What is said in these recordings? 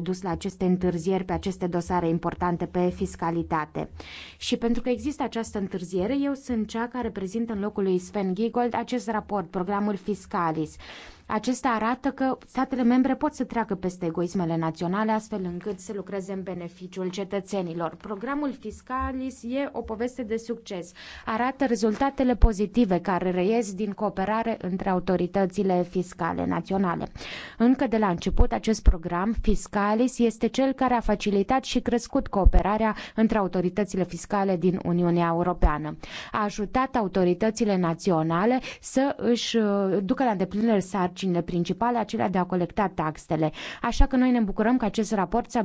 dus la aceste întârzieri pe aceste dosare importante pe fiscalitate. Și pentru că există această întârziere, eu sunt cea care prezintă în locul lui Sven Giegold acest raport, programul Fiscalis. Acesta arată că statele membre pot să treacă peste egoismele naționale astfel încât să lucreze în beneficiul cetățenilor. Programul Fiscalis e o poveste de succes. Arată rezultatele pozitive care reies din cooperare între autoritățile fiscale naționale. Încă de la început, acest program Fiscalis este cel care a facilitat și crescut cooperarea între autoritățile fiscale din Uniunea Europeană. A ajutat autoritățile naționale să își uh, ducă la îndeplinire sarcini sarcinile principale, acelea de a colecta taxele. Așa că noi ne bucurăm că acest raport s-a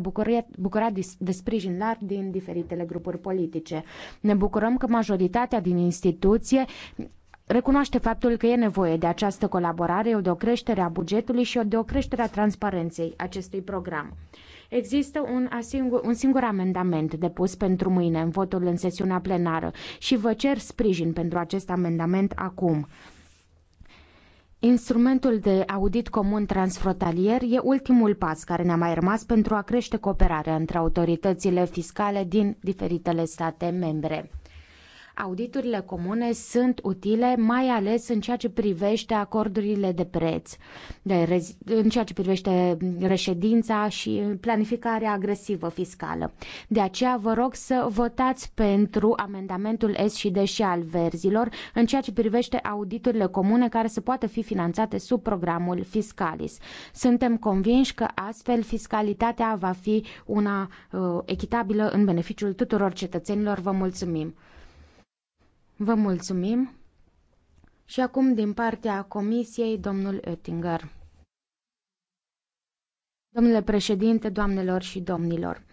bucurat de sprijin larg din diferitele grupuri politice. Ne bucurăm că majoritatea din instituție recunoaște faptul că e nevoie de această colaborare, de o creștere a bugetului și de o creștere a transparenței acestui program. Există un, asingur, un singur amendament depus pentru mâine în votul în sesiunea plenară și vă cer sprijin pentru acest amendament acum. Instrumentul de audit comun transfrontalier e ultimul pas care ne-a mai rămas pentru a crește cooperarea între autoritățile fiscale din diferitele state membre. Auditurile comune sunt utile, mai ales în ceea ce privește acordurile de preț, de în ceea ce privește reședința și planificarea agresivă fiscală. De aceea vă rog să votați pentru amendamentul S și D și al verzilor în ceea ce privește auditurile comune care să poată fi finanțate sub programul Fiscalis. Suntem convinși că astfel fiscalitatea va fi una uh, echitabilă în beneficiul tuturor cetățenilor. Vă mulțumim! Vă mulțumim. Și acum din partea Comisiei, domnul Oettinger. Domnule președinte, doamnelor și domnilor,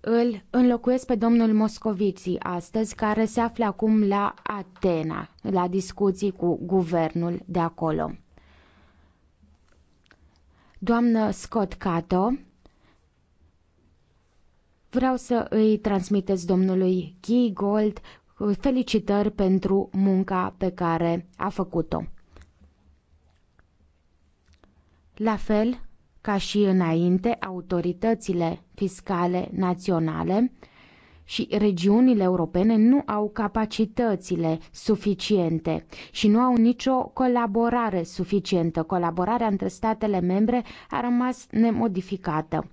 îl înlocuiesc pe domnul Moscovici astăzi, care se află acum la Atena, la discuții cu guvernul de acolo. Doamnă Scott Cato, Vreau să îi transmiteți domnului Key Gold uh, felicitări pentru munca pe care a făcut-o. La fel ca și înainte, autoritățile fiscale naționale și regiunile europene nu au capacitățile suficiente și nu au nicio colaborare suficientă. Colaborarea între statele membre a rămas nemodificată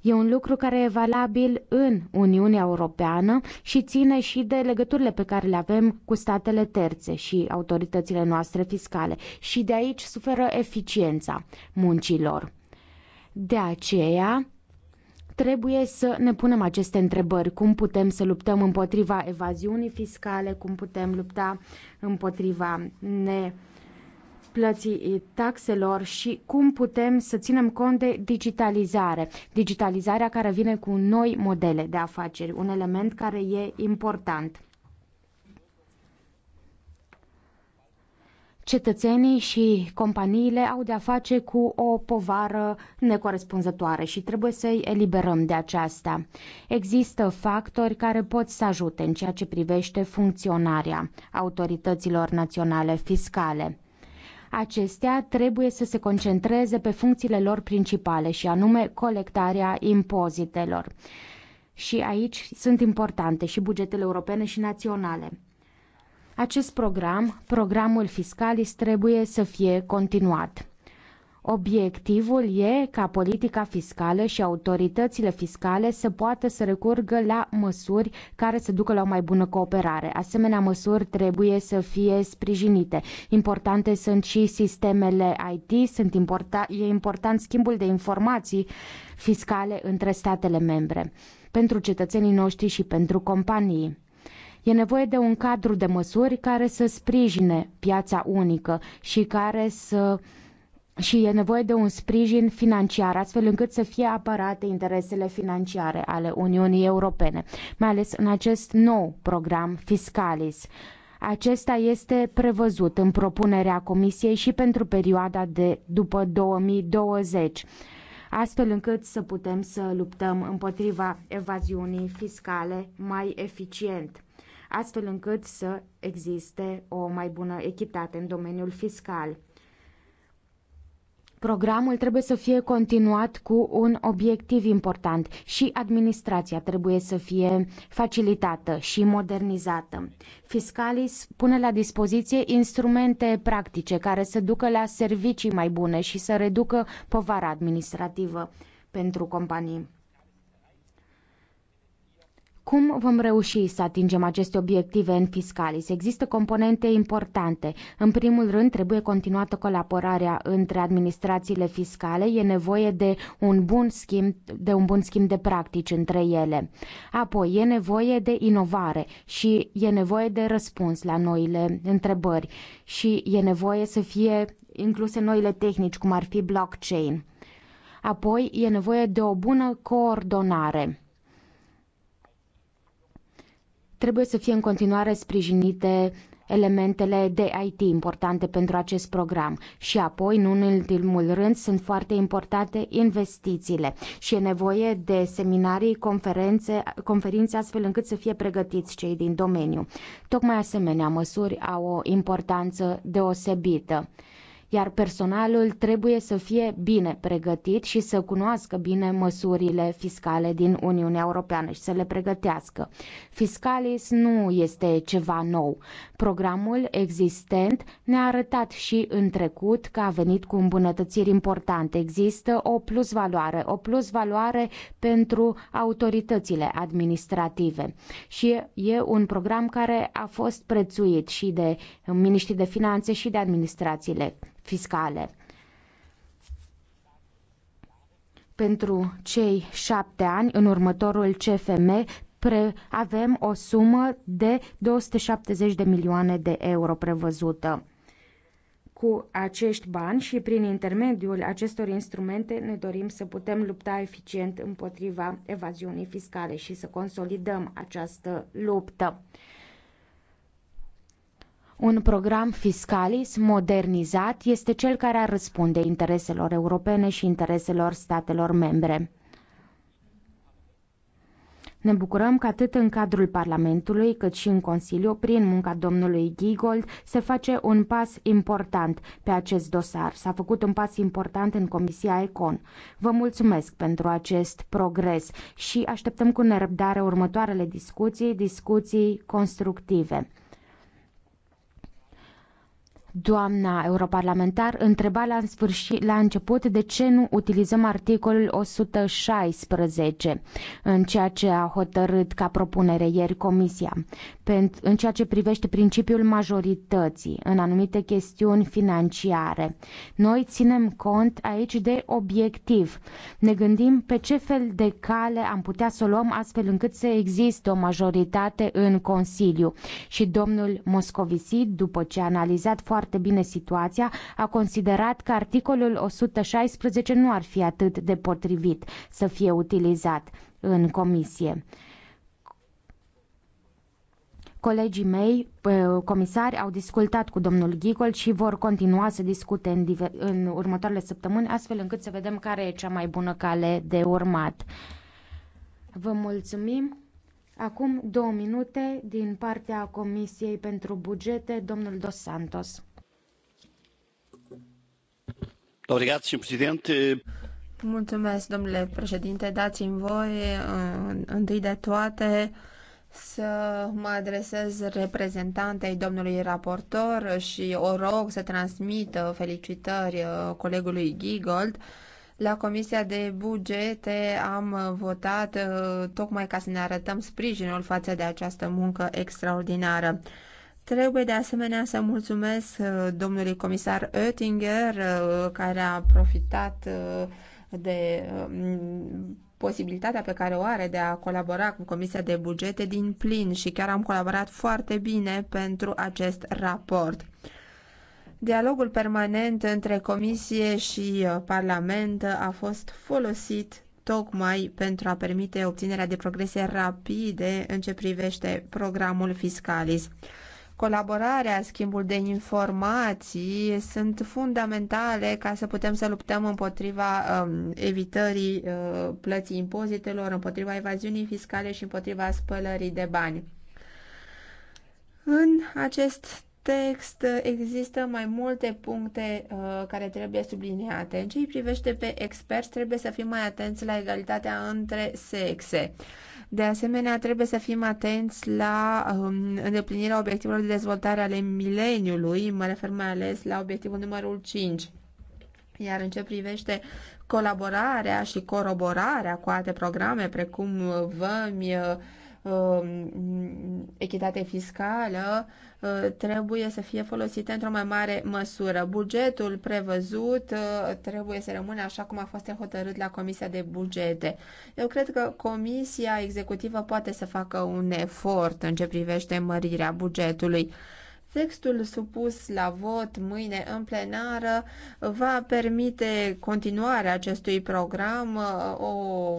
E un lucru care e valabil în Uniunea Europeană și ține și de legăturile pe care le avem cu statele terțe și autoritățile noastre fiscale. Și de aici suferă eficiența muncilor. De aceea, trebuie să ne punem aceste întrebări. Cum putem să luptăm împotriva evaziunii fiscale, cum putem lupta împotriva ne plății eh, taxelor și cum putem să ținem cont de digitalizare. Digitalizarea care vine cu noi modele de afaceri, un element care e important. cetățenii și companiile au de-a face cu o povară necorespunzătoare și trebuie să-i eliberăm de aceasta. Există factori care pot să ajute în ceea ce privește funcționarea autorităților naționale fiscale. Acestea trebuie să se concentreze pe funcțiile lor principale și anume colectarea impozitelor. Și aici sunt importante și bugetele europene și naționale. Acest program, programul Fiscalis, trebuie să fie continuat. Obiectivul e ca politica fiscală și autoritățile fiscale să poată să recurgă la măsuri care să ducă la o mai bună cooperare. Asemenea, măsuri trebuie să fie sprijinite. Importante sunt și sistemele IT, sunt importa, e important schimbul de informații fiscale între statele membre, pentru cetățenii noștri și pentru companii. E nevoie de un cadru de măsuri care să sprijine piața unică și care să uh, și e nevoie de un sprijin financiar, astfel încât să fie apărate interesele financiare ale Uniunii Europene, mai ales în acest nou program Fiscalis. Acesta este prevăzut în propunerea Comisiei și pentru perioada de după 2020 astfel încât să putem să luptăm împotriva evaziunii fiscale mai eficient, astfel încât să existe o mai bună echitate în domeniul fiscal. Programul trebuie să fie continuat cu un obiectiv important și administrația trebuie să fie facilitată și modernizată. Fiscalis pune la dispoziție instrumente practice care să ducă la servicii mai bune și să reducă povara administrativă pentru companii. Cum vom reuși să atingem aceste obiective în fiscalis? Există componente importante. În primul rând, trebuie continuată colaborarea între administrațiile fiscale. E nevoie de un bun schimb de, un bun schimb de practici între ele. Apoi, e nevoie de inovare și e nevoie de răspuns la noile întrebări și e nevoie să fie incluse noile tehnici, cum ar fi blockchain. Apoi, e nevoie de o bună coordonare Trebuie să fie în continuare sprijinite elementele de IT importante pentru acest program și apoi, nu în ultimul rând, sunt foarte importante investițiile și e nevoie de seminarii, conferințe, conferințe astfel încât să fie pregătiți cei din domeniu. Tocmai asemenea măsuri au o importanță deosebită iar personalul trebuie să fie bine pregătit și să cunoască bine măsurile fiscale din Uniunea Europeană și să le pregătească. Fiscalis nu este ceva nou. Programul existent ne-a arătat și în trecut că a venit cu îmbunătățiri importante. Există o plusvaloare, o plusvaloare pentru autoritățile administrative și e un program care a fost prețuit și de miniștrii de finanțe și de administrațiile fiscale. Pentru cei șapte ani, în următorul CFM, pre- avem o sumă de 270 de milioane de euro prevăzută. Cu acești bani și prin intermediul acestor instrumente ne dorim să putem lupta eficient împotriva evaziunii fiscale și să consolidăm această luptă. Un program fiscalis modernizat este cel care ar răspunde intereselor europene și intereselor statelor membre. Ne bucurăm că atât în cadrul Parlamentului cât și în Consiliu, prin munca domnului Giegold, se face un pas important pe acest dosar. S-a făcut un pas important în Comisia Econ. Vă mulțumesc pentru acest progres și așteptăm cu nerăbdare următoarele discuții, discuții constructive. Doamna europarlamentar întreba la, sfârșit, la început de ce nu utilizăm articolul 116 în ceea ce a hotărât ca propunere ieri Comisia, în ceea ce privește principiul majorității în anumite chestiuni financiare. Noi ținem cont aici de obiectiv. Ne gândim pe ce fel de cale am putea să o luăm astfel încât să existe o majoritate în Consiliu. Și domnul Moscovici, după ce a analizat foarte foarte bine situația, a considerat că articolul 116 nu ar fi atât de potrivit să fie utilizat în comisie colegii mei, comisari, au discutat cu domnul Ghicol și vor continua să discute în, diver, în următoarele săptămâni, astfel încât să vedem care e cea mai bună cale de urmat. Vă mulțumim. Acum două minute din partea Comisiei pentru Bugete, domnul Dos Santos. Mulțumesc, domnule președinte. Dați-mi voie, întâi de toate, să mă adresez reprezentantei domnului raportor și o rog să transmită felicitări uh, colegului Gigold. La Comisia de Bugete am votat uh, tocmai ca să ne arătăm sprijinul față de această muncă extraordinară. Trebuie de asemenea să mulțumesc uh, domnului comisar Oettinger, uh, care a profitat uh, de um, posibilitatea pe care o are de a colabora cu Comisia de Bugete din plin și chiar am colaborat foarte bine pentru acest raport. Dialogul permanent între Comisie și Parlament a fost folosit tocmai pentru a permite obținerea de progrese rapide în ce privește programul Fiscalis. Colaborarea, schimbul de informații sunt fundamentale ca să putem să luptăm împotriva um, evitării uh, plății impozitelor, împotriva evaziunii fiscale și împotriva spălării de bani. În acest text există mai multe puncte uh, care trebuie subliniate. În ce îi privește pe experți, trebuie să fim mai atenți la egalitatea între sexe. De asemenea, trebuie să fim atenți la um, îndeplinirea obiectivelor de dezvoltare ale mileniului, mă refer mai ales la obiectivul numărul 5. Iar în ce privește colaborarea și coroborarea cu alte programe, precum uh, VAMI, uh, Um, echitate fiscală uh, trebuie să fie folosite într-o mai mare măsură. Bugetul prevăzut uh, trebuie să rămână așa cum a fost hotărât la Comisia de Bugete. Eu cred că Comisia Executivă poate să facă un efort în ce privește mărirea bugetului. Textul supus la vot mâine în plenară va permite continuarea acestui program, o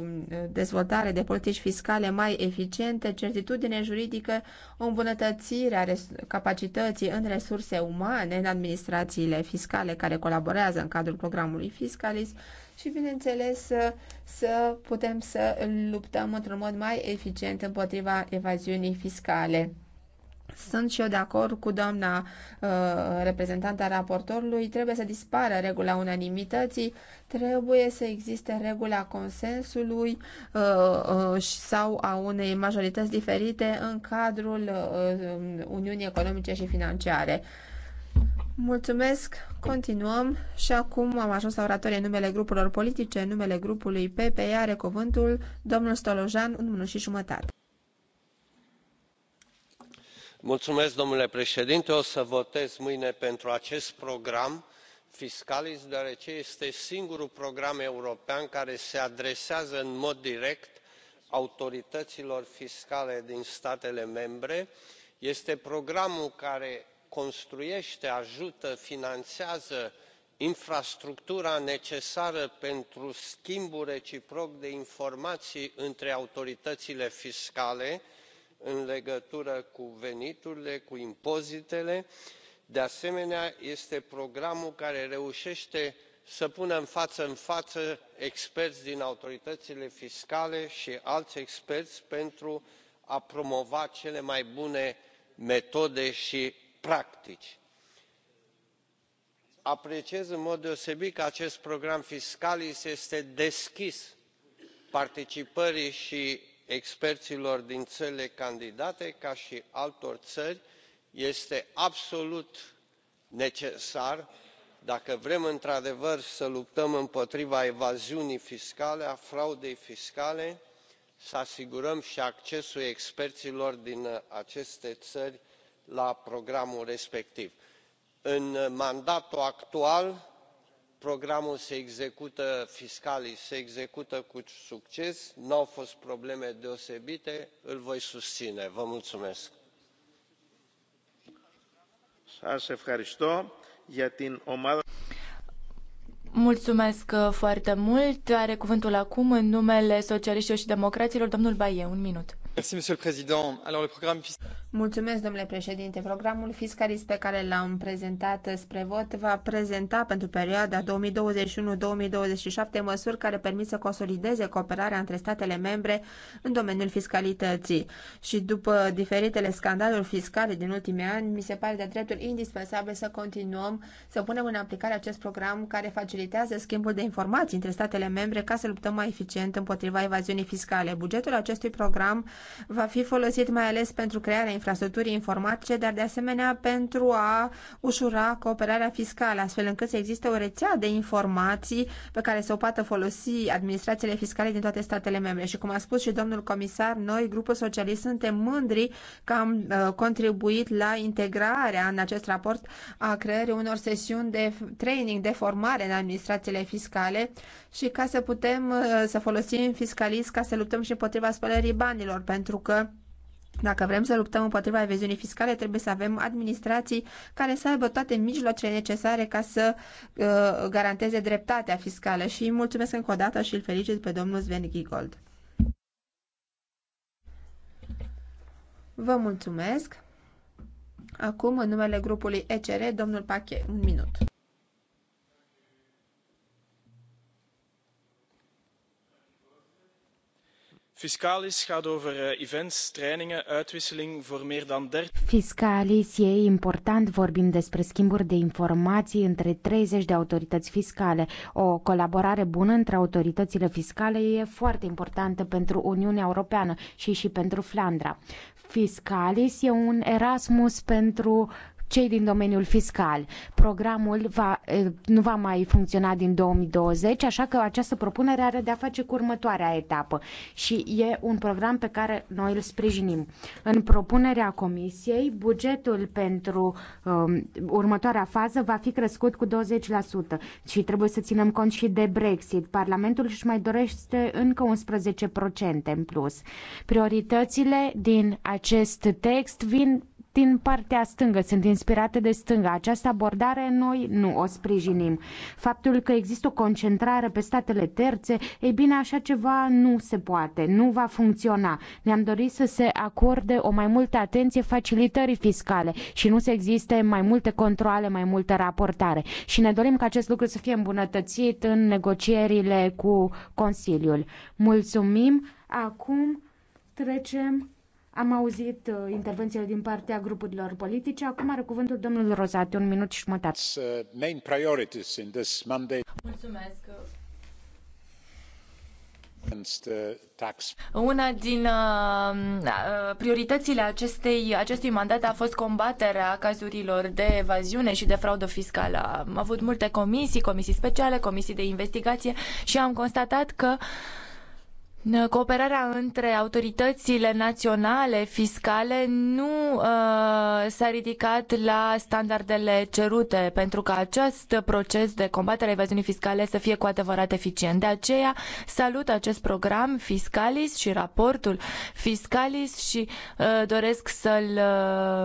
dezvoltare de politici fiscale mai eficiente, certitudine juridică, o îmbunătățire a capacității în resurse umane în administrațiile fiscale care colaborează în cadrul programului Fiscalis și, bineînțeles, să, să putem să luptăm într-un mod mai eficient împotriva evaziunii fiscale. Sunt și eu de acord cu doamna uh, reprezentanta raportorului, trebuie să dispară regula unanimității, trebuie să existe regula consensului uh, uh, sau a unei majorități diferite în cadrul uh, uh, Uniunii Economice și Financiare. Mulțumesc, continuăm și acum am ajuns la oratorie în numele grupurilor politice, în numele grupului PPE. are cuvântul domnul Stolojan, un minut și jumătate domnule președinte o să votez mâine pentru acest program fiscalis deoarece este singurul program european care se adresează în mod direct autorităților fiscale din statele membre este programul care construiește ajută finanțează infrastructura necesară pentru schimbul reciproc de informații între autoritățile fiscale și în legătură cu veniturile cu impozitele. de asemenea este programul care reușește să pună față în față experți din autoritățile fiscale și alți experți pentru a promova cele mai bune metode și practici. apreciez în mod deosebit că acest program fiscalis este deschis participării și experților din țările candidate ca și altor țări este absolut necesar dacă vrem într adevăr să luptăm împotriva evaziunii fiscale a fraudei fiscale să asigurăm și accesul experților din aceste țări la programul respectiv. în mandatul actual programul se execută fiscalii se execută cu succes nu au fost probleme deosebite îl voi susține. vă mulțumesc. Mulțumesc uh, foarte mult. Are cuvântul acum în numele socialiștilor și democraților domnul Bayet. Un minut. Mulțumesc, domnule președinte. Mulțumesc, domnule președinte. Programul fiscalist pe care l-am prezentat spre vot va prezenta pentru perioada 2021-2027 măsuri care permit să consolideze cooperarea între statele membre în domeniul fiscalității. Și după diferitele scandaluri fiscale din ultimii ani, mi se pare de dreptul indispensabil să continuăm să punem în aplicare acest program care facilitează schimbul de informații între statele membre ca să luptăm mai eficient împotriva evaziunii fiscale. Bugetul acestui program va fi folosit mai ales pentru crearea infrastructurii informatice, dar de asemenea pentru a ușura cooperarea fiscală, astfel încât să existe o rețea de informații pe care să o poată folosi administrațiile fiscale din toate statele membre. Și cum a spus și domnul comisar, noi, grupul socialist, suntem mândri că am uh, contribuit la integrarea în acest raport a creării unor sesiuni de training, de formare în administrațiile fiscale și ca să putem uh, să folosim fiscalist ca să luptăm și împotriva spălării banilor, pentru că dacă vrem să luptăm împotriva evaziunii fiscale, trebuie să avem administrații care să aibă toate mijloacele necesare ca să uh, garanteze dreptatea fiscală. Și îi mulțumesc încă o dată și îl felicit pe domnul Sven Gigold. Vă mulțumesc. Acum, în numele grupului ECR, domnul Pache, un minut. Fiscalis gaat over eh, events, trainingen, uitwisseling voor meer dan 30... Fiscalis e important, vorbim despre schimburi de informații între 30 de autorități fiscale. O colaborare bună între autoritățile fiscale e foarte importantă pentru Uniunea Europeană și și pentru Flandra. Fiscalis e un Erasmus pentru cei din domeniul fiscal. Programul va, nu va mai funcționa din 2020, așa că această propunere are de a face cu următoarea etapă și e un program pe care noi îl sprijinim. În propunerea Comisiei, bugetul pentru um, următoarea fază va fi crescut cu 20% și trebuie să ținem cont și de Brexit. Parlamentul își mai dorește încă 11% în plus. Prioritățile din acest text vin din partea stângă, sunt inspirate de stânga. Această abordare noi nu o sprijinim. Faptul că există o concentrare pe statele terțe, ei bine, așa ceva nu se poate, nu va funcționa. Ne-am dorit să se acorde o mai multă atenție facilitării fiscale și nu să existe mai multe controle, mai multă raportare. Și ne dorim ca acest lucru să fie îmbunătățit în negocierile cu Consiliul. Mulțumim! Acum trecem am auzit uh, intervențiile din partea grupurilor politice. Acum are cuvântul domnul Rozate, un minut și jumătate. Uh, Mulțumesc. Uh, Una din prioritățile acestei, acestui mandat a fost combaterea cazurilor de evaziune și de fraudă fiscală. Am avut multe comisii, comisii speciale, comisii de investigație și am constatat că uh, Cooperarea între autoritățile naționale fiscale nu uh, s-a ridicat la standardele cerute pentru ca acest proces de combatere a evaziunii fiscale să fie cu adevărat eficient. De aceea salut acest program Fiscalis și raportul Fiscalis și uh, doresc să-l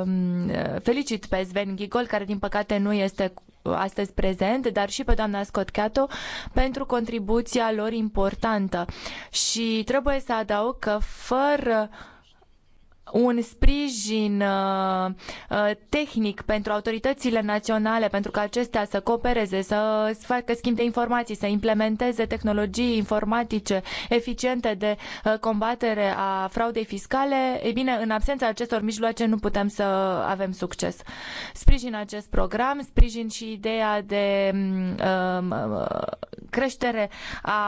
uh, felicit pe Sven Gigol, care din păcate nu este astăzi prezent, dar și pe doamna Scott Cato pentru contribuția lor importantă. Și trebuie să adaug că fără uh, un sprijin uh, uh, tehnic pentru autoritățile naționale, pentru că acestea să coopereze, să facă schimb de informații, să implementeze tehnologii informatice eficiente de uh, combatere a fraudei fiscale, e bine, în absența acestor mijloace nu putem să avem succes. Sprijin acest program, sprijin și ideea de mm, creștere a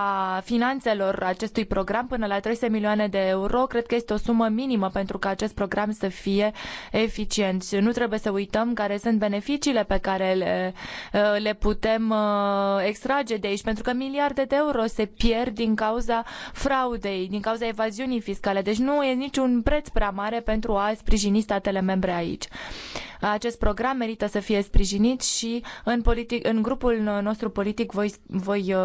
finanțelor acestui program până la 300 milioane de euro. Cred că este o sumă minimă pentru ca acest program să fie eficient. nu trebuie să uităm care sunt beneficiile pe care le, uh, le putem uh, extrage de aici, pentru că miliarde de euro se pierd din cauza fraudei, din cauza evaziunii fiscale. Deci nu e niciun preț prea mare pentru a sprijini statele membre aici. Acest program merită să fie sprijinit și în, politic, în grupul nostru politic voi, voi uh,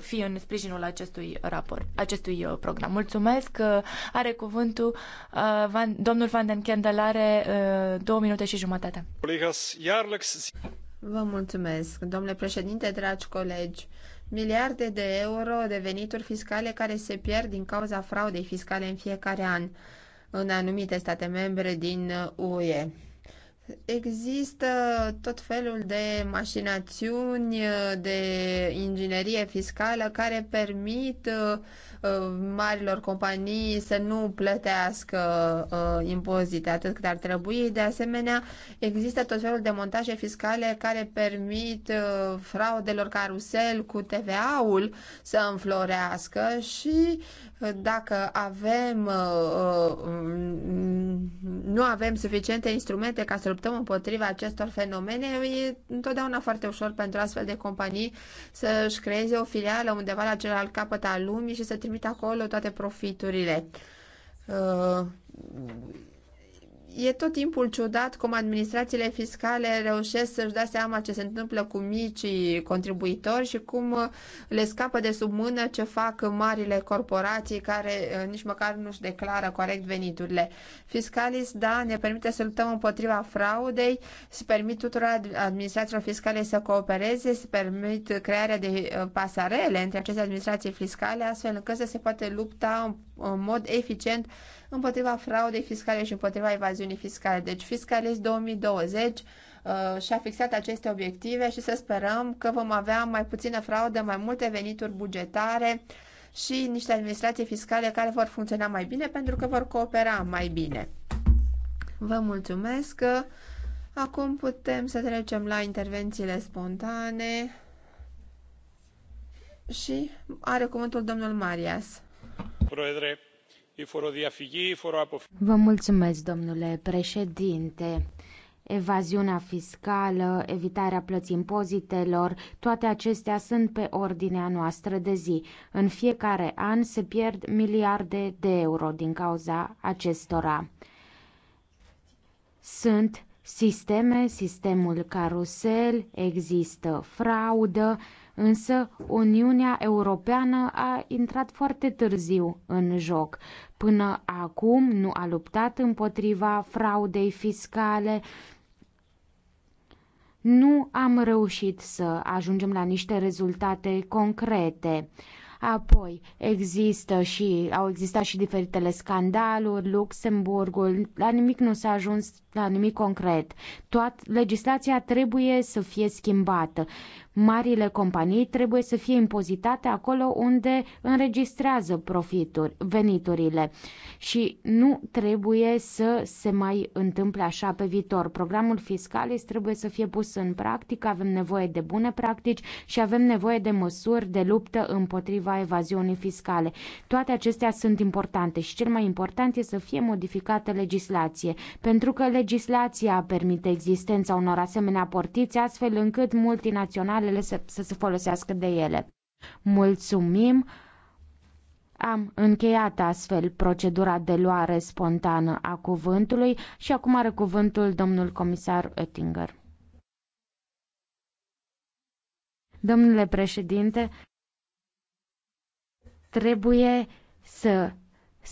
fi în sprijinul acestui raport, acestui uh, program. Mulțumesc. Uh, are cuvântul van, domnul Van den Kendelare, două minute și jumătate. Vă mulțumesc, domnule președinte, dragi colegi. Miliarde de euro de venituri fiscale care se pierd din cauza fraudei fiscale în fiecare an în anumite state membre din UE. Există tot felul de mașinațiuni, de inginerie fiscală care permit uh, Uh, marilor companii să nu plătească uh, impozite atât cât ar trebui. De asemenea, există tot felul de montaje fiscale care permit uh, fraudelor carusel cu TVA-ul să înflorească și dacă avem nu avem suficiente instrumente ca să luptăm împotriva acestor fenomene, e întotdeauna foarte ușor pentru astfel de companii să-și creeze o filială undeva la celălalt capăt al lumii și să trimit acolo toate profiturile. Uh, e tot timpul ciudat cum administrațiile fiscale reușesc să-și dea seama ce se întâmplă cu micii contribuitori și cum le scapă de sub mână ce fac marile corporații care eh, nici măcar nu-și declară corect veniturile. Fiscalis, da, ne permite să luptăm împotriva fraudei, se permit tuturor administrațiilor fiscale să coopereze, se permit crearea de eh, pasarele între aceste administrații fiscale, astfel încât să se poate lupta în mod eficient împotriva fraudei fiscale și împotriva evaziunii fiscale. Deci Fiscalist 2020 uh, și-a fixat aceste obiective și să sperăm că vom avea mai puțină fraudă, mai multe venituri bugetare și niște administrații fiscale care vor funcționa mai bine pentru că vor coopera mai bine. Vă mulțumesc! Acum putem să trecem la intervențiile spontane și are cuvântul domnul Marias. Vă mulțumesc, domnule președinte. Evaziunea fiscală, evitarea plății impozitelor, toate acestea sunt pe ordinea noastră de zi. În fiecare an se pierd miliarde de euro din cauza acestora. Sunt sisteme, sistemul carusel, există fraudă, Însă Uniunea Europeană a intrat foarte târziu în joc. Până acum nu a luptat împotriva fraudei fiscale, nu am reușit să ajungem la niște rezultate concrete. Apoi există și, au existat și diferitele scandaluri, Luxemburgul, la nimic nu s-a ajuns la nimic concret. Toată legislația trebuie să fie schimbată. Marile companii trebuie să fie impozitate acolo unde înregistrează profituri, veniturile și nu trebuie să se mai întâmple așa pe viitor. Programul fiscalis trebuie să fie pus în practică, avem nevoie de bune practici și avem nevoie de măsuri de luptă împotriva evaziunii fiscale. Toate acestea sunt importante și cel mai important este să fie modificată legislație, pentru că legislația permite existența unor asemenea portiți astfel încât multinaționale animalele să, să se folosească de ele. Mulțumim! Am încheiat astfel procedura de luare spontană a cuvântului și acum are cuvântul domnul comisar Oettinger. Domnule președinte, trebuie să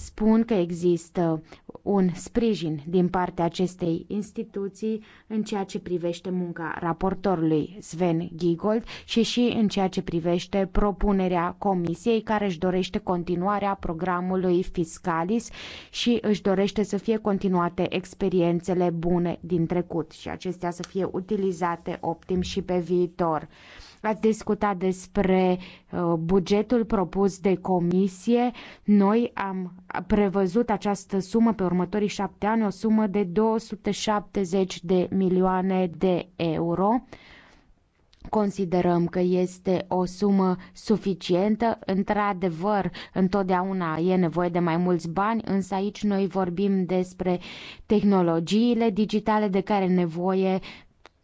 spun că există un sprijin din partea acestei instituții în ceea ce privește munca raportorului Sven Giegold și și în ceea ce privește propunerea comisiei care își dorește continuarea programului Fiscalis și își dorește să fie continuate experiențele bune din trecut și acestea să fie utilizate optim și pe viitor. Ați discutat despre uh, bugetul propus de comisie. Noi am prevăzut această sumă pe următorii șapte ani, o sumă de 270 de milioane de euro. Considerăm că este o sumă suficientă. Într-adevăr, întotdeauna e nevoie de mai mulți bani, însă aici noi vorbim despre tehnologiile digitale de care nevoie,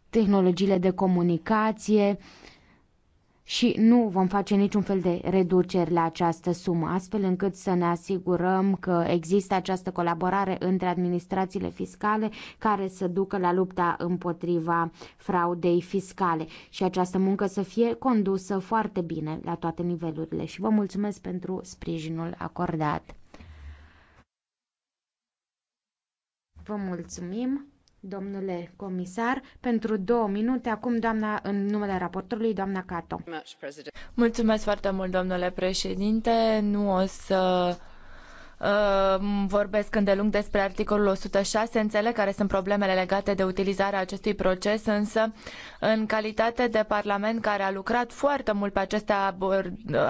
tehnologiile de comunicație, uh, și nu vom face niciun fel de reduceri la această sumă, astfel încât să ne asigurăm că există această colaborare între administrațiile fiscale care să ducă la lupta împotriva fraudei fiscale și această muncă să fie condusă foarte bine la toate nivelurile. Și vă mulțumesc pentru sprijinul acordat. Vă mulțumim! domnule comisar. Pentru două minute, acum doamna, în numele raportorului, doamna Cato. Mulțumesc foarte mult, domnule președinte. Nu o să uh, vorbesc îndelung despre articolul 106. Înțeleg care sunt problemele legate de utilizarea acestui proces, însă în calitate de Parlament care a lucrat foarte mult pe aceste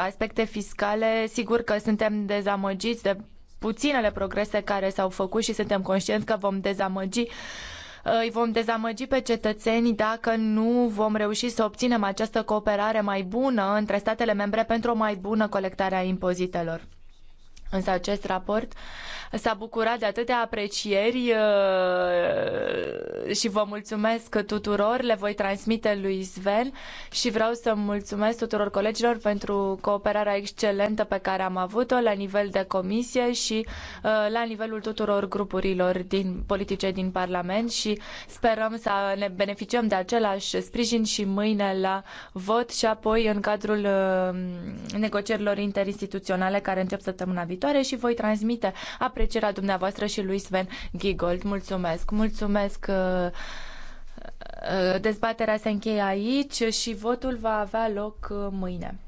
aspecte fiscale, sigur că suntem dezamăgiți de puținele progrese care s-au făcut și suntem conștienți că vom dezamăgi Uh, îi vom dezamăgi pe cetățeni dacă nu vom reuși să obținem această cooperare mai bună între statele membre pentru o mai bună colectare a impozitelor. Însă acest raport s-a bucurat de atâtea aprecieri uh, și vă mulțumesc tuturor, le voi transmite lui Sven și vreau să mulțumesc tuturor colegilor pentru cooperarea excelentă pe care am avut-o la nivel de comisie și uh, la nivelul tuturor grupurilor din, politice din Parlament și sperăm să ne beneficiem de același sprijin și mâine la vot și apoi în cadrul uh, negocierilor interinstituționale care încep săptămâna viitoare viitoare și voi transmite aprecierea dumneavoastră și lui Sven Gigold. Mulțumesc! Mulțumesc! Uh, uh, dezbaterea se încheie aici și votul va avea loc uh, mâine.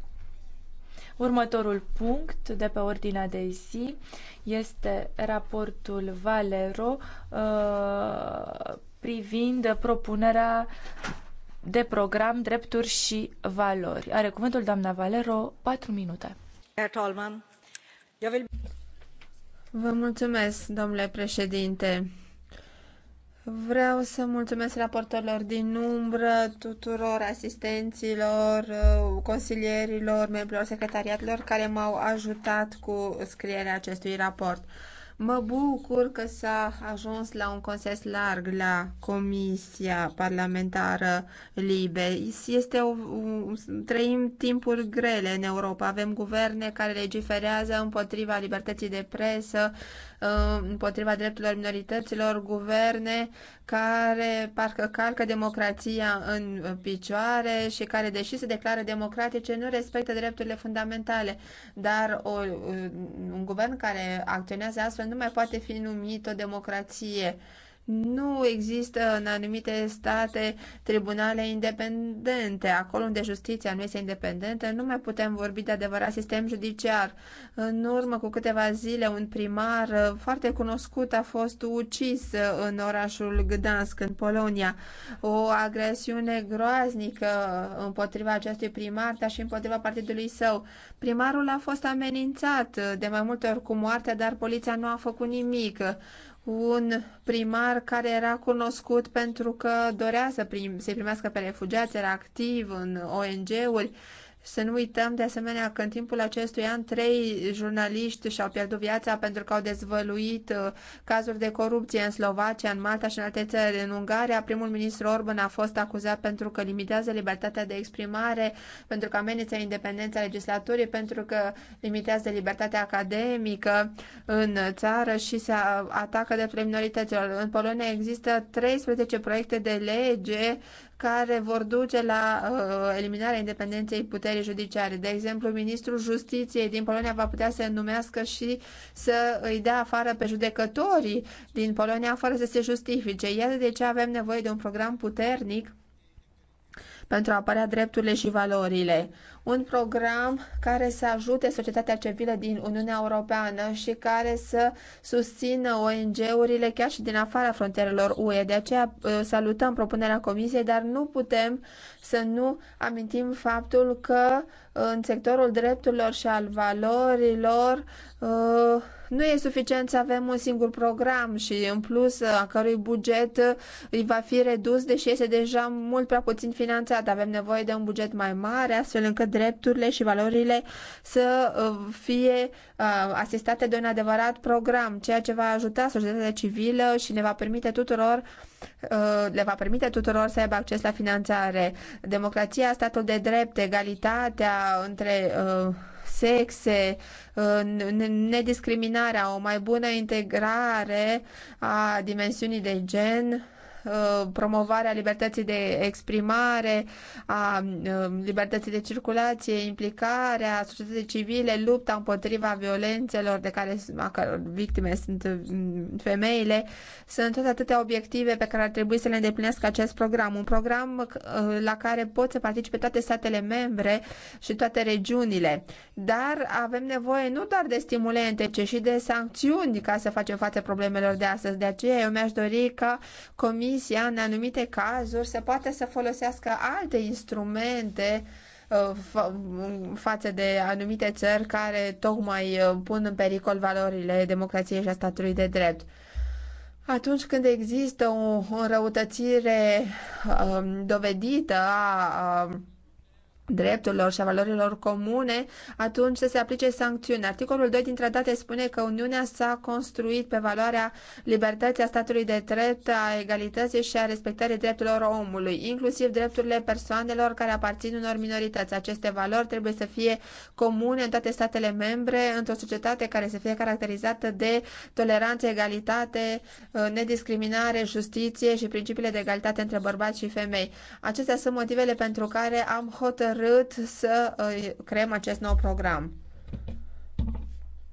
Următorul punct de pe ordinea de zi este raportul Valero privind propunerea de program Drepturi și Valori. Are cuvântul doamna Valero, 4 minute. Herr Tolman. Vă mulțumesc, domnule președinte. Vreau să mulțumesc raportorilor din umbră, tuturor asistenților, consilierilor, membrilor secretariatelor care m-au ajutat cu scrierea acestui raport. Mă bucur că s-a ajuns la un consens larg la Comisia Parlamentară Libe. Este o, trăim timpuri grele în Europa. Avem guverne care legiferează împotriva libertății de presă, Uh, împotriva drepturilor minorităților, guverne care parcă calcă democrația în picioare și care, deși se declară democratice, nu respectă drepturile fundamentale. Dar o, uh, un guvern care acționează astfel nu mai poate fi numit o democrație. Uh, nu există în anumite state tribunale independente. Acolo unde justiția nu este independentă, nu mai putem vorbi de adevărat sistem judiciar. În urmă cu câteva zile, un primar foarte cunoscut a fost ucis în orașul Gdansk, în Polonia. O agresiune groaznică împotriva acestui primar, dar și împotriva partidului său. Primarul a fost amenințat de mai multe ori cu moartea, dar poliția nu a făcut nimic un primar care era cunoscut pentru că dorea să prim, se primească pe refugiați, era activ în ONG-uri să nu uităm de asemenea că în timpul acestui an trei jurnaliști și-au pierdut viața pentru că au dezvăluit uh, cazuri de corupție în Slovacia, în Malta și în alte țări. În Ungaria, primul ministru Orban a fost acuzat pentru că limitează libertatea de exprimare, pentru că amenință independența legislaturii, pentru că limitează libertatea academică în țară și se atacă drepturile minorităților. În Polonia există 13 proiecte de lege care vor duce la uh, eliminarea independenței puterii judiciare. De exemplu, ministrul justiției din Polonia va putea să numească și să îi dea afară pe judecătorii din Polonia fără să se justifice. Iată de ce avem nevoie de un program puternic pentru a apărea drepturile și valorile. Un program care să ajute societatea civilă din Uniunea Europeană și care să susțină ONG-urile chiar și din afara frontierelor UE. De aceea uh, salutăm propunerea Comisiei, dar nu putem să nu amintim faptul că uh, în sectorul drepturilor și al valorilor uh, nu e suficient să avem un singur program și în plus a cărui buget uh, îi va fi redus, deși este deja mult prea puțin finanțat. Avem nevoie de un buget mai mare, astfel încât drepturile și valorile să uh, fie uh, asistate de un adevărat program, ceea ce va ajuta societatea civilă și ne va permite tuturor le va permite tuturor să aibă acces la finanțare. Democrația, statul de drept, egalitatea între sexe, nediscriminarea, o mai bună integrare a dimensiunii de gen Uh, promovarea libertății de exprimare, a uh, libertății de circulație, implicarea societății civile, lupta împotriva violențelor de care, a căror victime sunt mm, femeile, sunt toate atâtea obiective pe care ar trebui să le îndeplinească acest program. Un program uh, la care pot să participe toate statele membre și toate regiunile. Dar avem nevoie nu doar de stimulente, ci și de sancțiuni ca să facem față problemelor de astăzi. De aceea eu mi-aș dori ca Comisia Comisia, în anumite cazuri, să poate să folosească alte instrumente uh, mm, față de anumite țări care tocmai uh, pun în pericol valorile democrației și a statului de drept. Atunci când există o înrăutățire um, dovedită a, a drepturilor și a valorilor comune, atunci să se aplice sancțiuni. Articolul 2 din tratate spune că Uniunea s-a construit pe valoarea libertății a statului de drept, a egalității și a respectării drepturilor omului, inclusiv drepturile persoanelor care aparțin unor minorități. Aceste valori trebuie să fie comune în toate statele membre, într-o societate care să fie caracterizată de toleranță, egalitate, uh, nediscriminare, justiție și principiile de egalitate între bărbați și femei. Acestea sunt motivele pentru care am hotărât hotărât să uh, creăm acest nou program.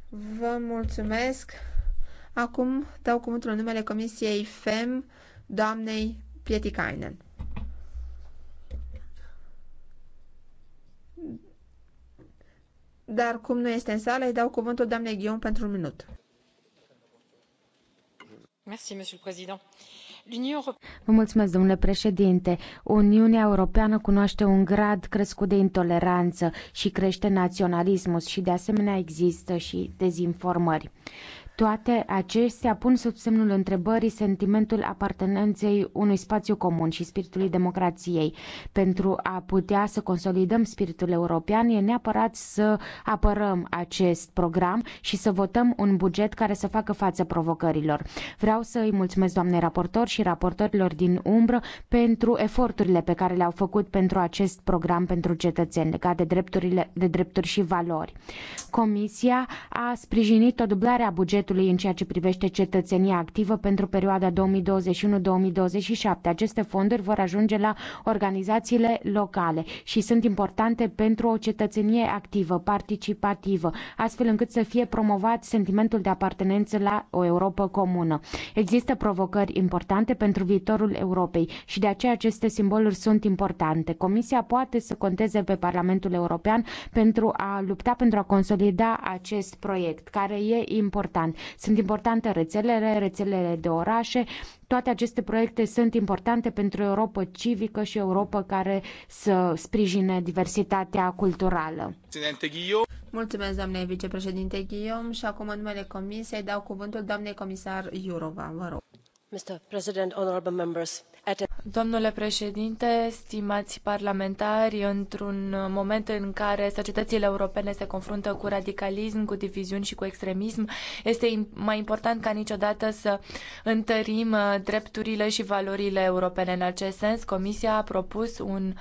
Vă mulțumesc. Acum dau cuvântul în numele Comisiei FEM doamnei Pietikainen. Dar cum nu este în sală, îi dau cuvântul doamnei Ghion pentru un minut. Merci, monsieur le président. Vă mulțumesc, domnule președinte. Uniunea Europeană cunoaște un grad crescut de intoleranță și crește naționalismul și de asemenea există și dezinformări. Toate acestea pun sub semnul întrebării sentimentul apartenenței unui spațiu comun și spiritului democrației. Pentru a putea să consolidăm spiritul european, e neapărat să apărăm acest program și să votăm un buget care să facă față provocărilor. Vreau să îi mulțumesc doamnei raportor și raportorilor din umbră pentru eforturile pe care le-au făcut pentru acest program pentru cetățeni legat de, drepturile, de drepturi și valori. Comisia a sprijinit o dublare a bugetului bugetului în ceea ce privește cetățenia activă pentru perioada 2021-2027. Aceste fonduri vor ajunge la organizațiile locale și sunt importante pentru o cetățenie activă, participativă, astfel încât să fie promovat sentimentul de apartenență la o Europa comună. Există provocări importante pentru viitorul Europei și de aceea aceste simboluri sunt importante. Comisia poate să conteze pe Parlamentul European pentru a lupta pentru a consolida acest proiect, care e important european. Sunt importante rețelele, rețelele de orașe. Toate aceste proiecte sunt importante pentru Europa civică și Europa care să sprijine diversitatea culturală. Mulțumesc, doamne vicepreședinte Ghiom, și acum în numele Comisiei dau cuvântul doamnei comisar Iurova. Vă rog domnule președinte stimați parlamentari într un moment în care societățile europene se confruntă cu radicalism cu diviziuni și cu extremism este mai important ca niciodată să întărim uh, drepturile și valorile europene. în acest sens comisia a propus un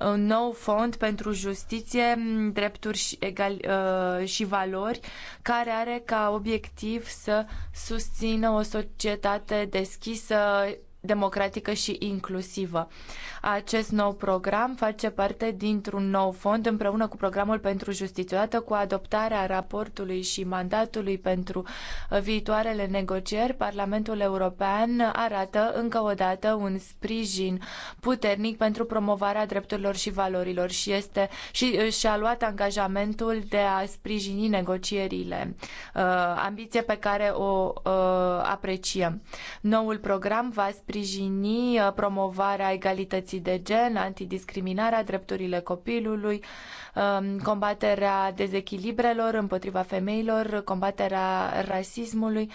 un nou fond pentru justiție, drepturi și, egal, uh, și valori, care are ca obiectiv să susțină o societate deschisă, democratică și inclusivă. Acest nou program face parte dintr-un nou fond împreună cu programul pentru justiție. Odată cu adoptarea raportului și mandatului pentru uh, viitoarele negocieri, Parlamentul European arată încă o dată un sprijin puternic pentru promovarea drepturilor și valorilor și este și uh, și-a luat angajamentul de a sprijini negocierile, uh, ambiție pe care o uh, apreciem. Noul program va sprijini uh, promovarea egalității egalității de gen, antidiscriminarea, drepturile copilului, um, combaterea dezechilibrelor împotriva femeilor, combaterea rasismului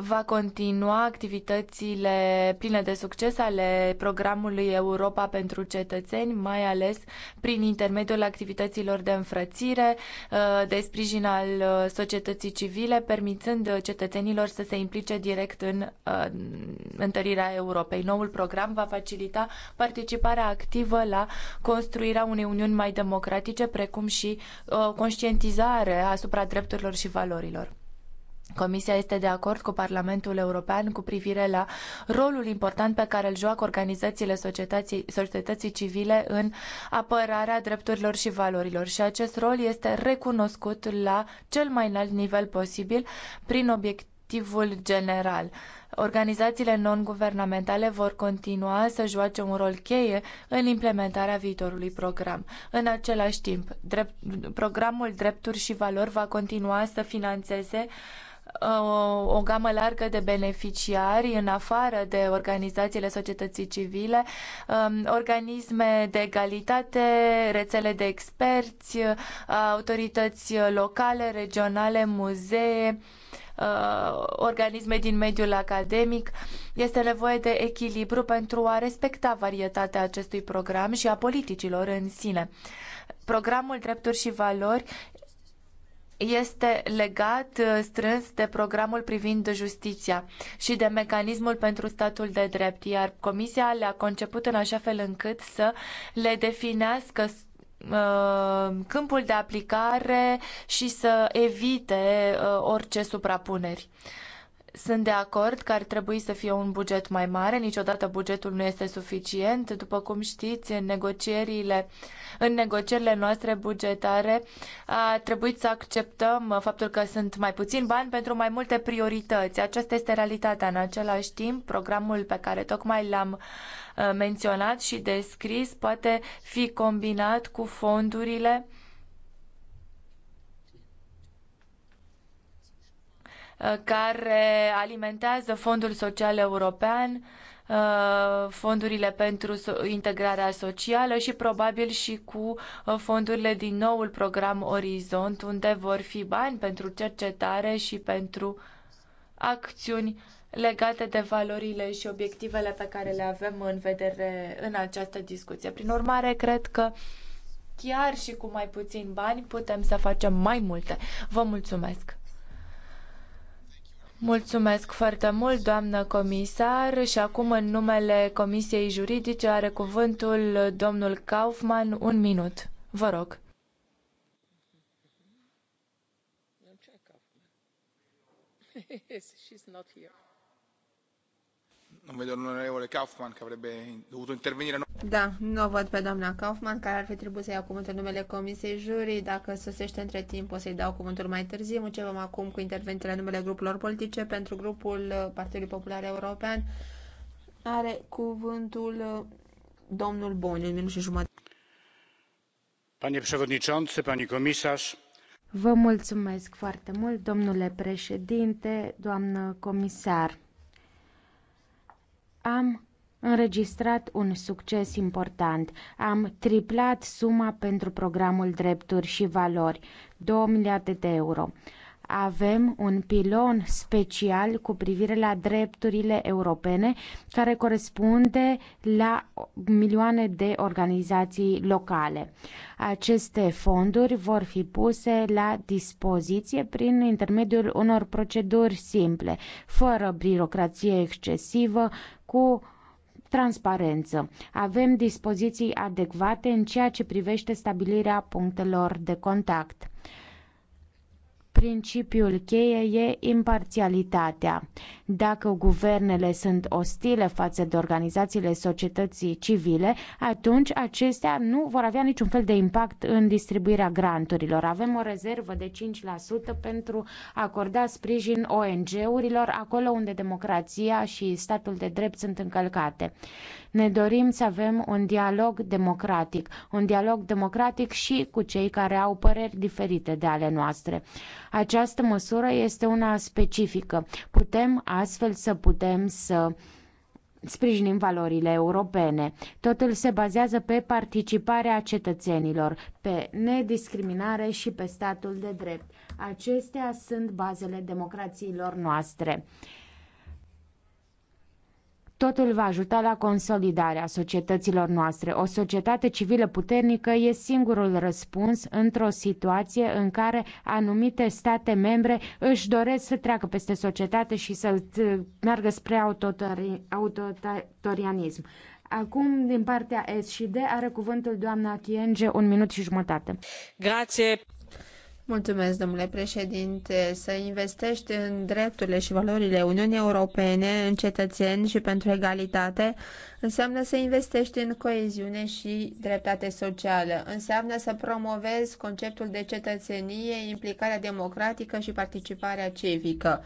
va continua activitățile pline de succes ale programului Europa pentru cetățeni, mai ales prin intermediul activităților de înfrățire, uh, de sprijin al uh, societății civile, permițând cetățenilor să se implice direct în uh, întărirea Europei. Noul program va facilita participarea activă la construirea unei uniuni mai democratice, precum și conștientizare asupra drepturilor și valorilor. Comisia este de acord cu Parlamentul European cu privire la rolul important pe care îl joacă organizațiile societății, societății civile în apărarea drepturilor și valorilor și acest rol este recunoscut la cel mai înalt nivel posibil prin obiectivul general. Organizațiile non-guvernamentale vor continua să joace un rol cheie în implementarea viitorului program. În același timp, drept, programul Drepturi și Valori va continua să financeze uh, Uh, o gamă largă de beneficiari în afară de organizațiile societății civile, um, organisme de egalitate, rețele de experți, uh, autorități locale, regionale, muzee, uh, organisme din mediul academic. Este nevoie de echilibru pentru a respecta varietatea acestui program și a politicilor în sine. Programul Drepturi și Valori este legat uh, strâns de programul privind justiția și de mecanismul pentru statul de drept, iar Comisia le-a conceput în așa fel încât să le definească uh, câmpul de aplicare și să evite uh, orice suprapuneri. Sunt de acord că ar trebui să fie un buget mai mare, niciodată bugetul nu este suficient. După cum știți, în negocierile, în negocierile noastre bugetare a trebuit să acceptăm faptul că sunt mai puțini bani pentru mai multe priorități. Aceasta este realitatea. În același timp, programul pe care tocmai l-am uh, menționat și descris poate fi combinat cu fondurile care alimentează Fondul Social European, uh, fondurile pentru integrarea socială și probabil și cu uh, fondurile din noul program Orizont, unde vor fi bani pentru cercetare și pentru acțiuni legate de valorile și obiectivele pe care le avem în vedere în această discuție. Prin urmare, cred că chiar și cu mai puțin bani putem să facem mai multe. Vă mulțumesc! Mulțumesc foarte mult, doamnă comisar. Și acum, în numele Comisiei Juridice, are cuvântul domnul Kaufmann. Un minut. Vă rog. she's not here. Nu Da, nu o văd pe doamna Kaufman, care ar fi trebuit să ia cuvântul numele Comisiei Jurii. Dacă sosește între timp, o să-i dau cuvântul mai târziu. Începem acum cu intervențiile numele grupurilor politice. Pentru grupul Partidului Popular European are cuvântul domnul Boni, în minut și jumătate. Panie președinte, pani comisar, Vă mulțumesc foarte mult, domnule președinte, doamnă comisar. Am înregistrat un succes important. Am triplat suma pentru programul Drepturi și Valori, 2 miliarde de euro. Avem un pilon special cu privire la drepturile europene care corespunde la milioane de organizații locale. Aceste fonduri vor fi puse la dispoziție prin intermediul unor proceduri simple, fără birocrație excesivă, cu transparență. Avem dispoziții adecvate în ceea ce privește stabilirea punctelor de contact. Principiul cheie e imparțialitatea. Dacă guvernele sunt ostile față de organizațiile societății civile, atunci acestea nu vor avea niciun fel de impact în distribuirea granturilor. Avem o rezervă de 5% pentru a acorda sprijin ONG-urilor acolo unde democrația și statul de drept sunt încălcate. Ne dorim să avem un dialog democratic, un dialog democratic și cu cei care au păreri diferite de ale noastre. Această măsură este una specifică. Putem astfel să putem să sprijinim valorile europene. Totul se bazează pe participarea cetățenilor, pe nediscriminare și pe statul de drept. Acestea sunt bazele democrațiilor noastre. Totul va ajuta la consolidarea societăților noastre. O societate civilă puternică e singurul răspuns într-o situație în care anumite state membre își doresc să treacă peste societate și să meargă spre autoritarianism. Acum, din partea S și D, are cuvântul doamna Chienge, un minut și jumătate. Grație! Mulțumesc, domnule președinte. Să investești în drepturile și valorile Uniunii Europene, în cetățeni și pentru egalitate, înseamnă să investești în coeziune și dreptate socială. Înseamnă să promovezi conceptul de cetățenie, implicarea democratică și participarea civică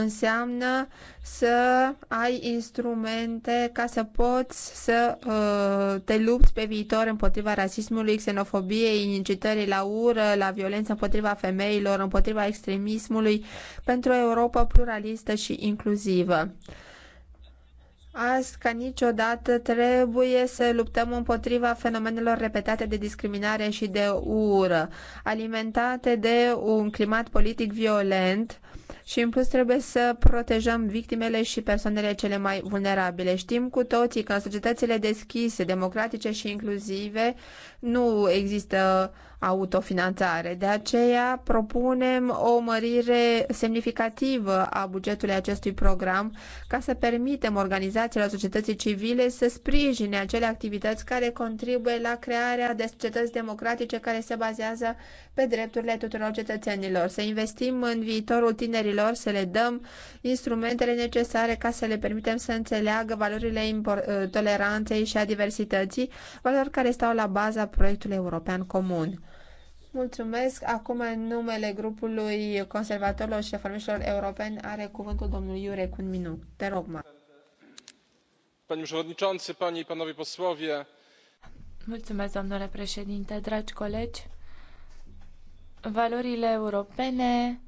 înseamnă să ai instrumente ca să poți să uh, te lupți pe viitor împotriva rasismului, xenofobiei, incitării la ură, la violență împotriva femeilor, împotriva extremismului, pentru o Europa pluralistă și inclusivă. Azi, ca niciodată, trebuie să luptăm împotriva fenomenelor repetate de discriminare și de ură, alimentate de un climat politic violent, și în plus trebuie să protejăm victimele și persoanele cele mai vulnerabile. Știm cu toții că în societățile deschise, democratice și inclusive, nu există autofinanțare. De aceea propunem o mărire semnificativă a bugetului acestui program ca să permitem organizațiilor societății civile să sprijine acele activități care contribuie la crearea de societăți democratice care se bazează pe drepturile tuturor cetățenilor. Să investim în viitorul tinerilor, să le dăm instrumentele necesare ca să le permitem să înțeleagă valorile toleranței și a diversității, valori care stau la baza proiectul european comun. Mulțumesc. Acum, în numele grupului conservatorilor și reformiștilor europeni, are cuvântul domnul Iurec un minut. Te rog, ma. Mulțumesc, domnule președinte, dragi colegi. Valorile europene.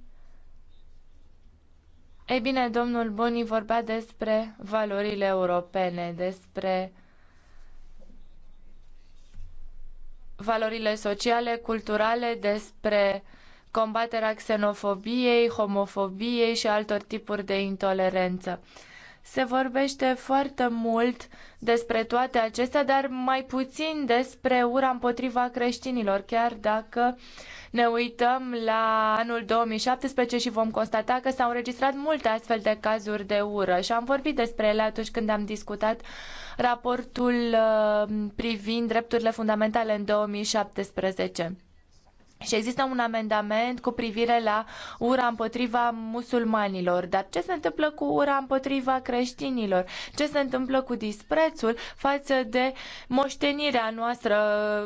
Ei bine, domnul Boni vorbea despre valorile europene, despre uh, valorile sociale, culturale, despre combaterea xenofobiei, homofobiei și altor tipuri de intoleranță. Se vorbește foarte mult despre toate acestea, dar mai puțin despre ura împotriva creștinilor, chiar dacă uh, ne uităm la anul 2017 și vom constata că s-au înregistrat multe astfel de cazuri de ură și am vorbit despre ele atunci când am discutat raportul uh, privind drepturile fundamentale în 2017. Și există un amendament cu privire la ura împotriva musulmanilor. Dar ce se întâmplă cu ura împotriva creștinilor? Ce se întâmplă cu disprețul față de moștenirea noastră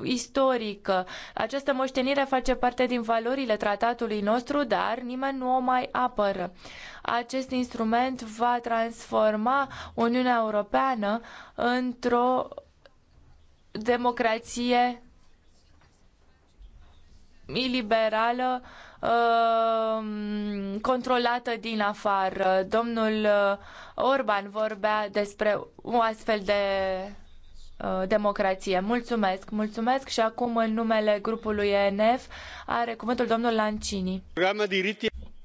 istorică? Această moștenire face parte din valorile tratatului nostru, dar nimeni nu o mai apără. Acest instrument va transforma Uniunea Europeană într-o democrație iliberală uh, controlată din afară. Domnul uh, Orban vorbea despre o astfel de uh, democrație. Mulțumesc, mulțumesc și acum în numele grupului ENF are cuvântul domnul Lancini.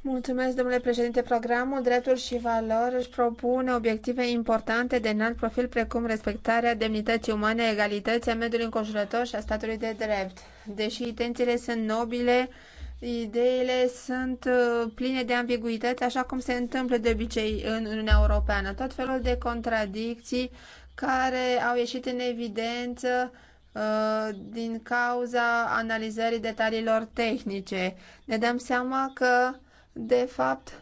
Mulțumesc, domnule președinte. Programul Dreptul și Valori își propune obiective importante de înalt profil, precum respectarea demnității umane, egalității, a mediului înconjurător și a statului de drept. Deși intențiile sunt nobile, ideile sunt uh, pline de ambiguități, așa cum se întâmplă de obicei în Uniunea Europeană. Tot felul de contradicții care au ieșit în evidență uh, din cauza analizării detaliilor tehnice. Ne dăm seama că de fapt,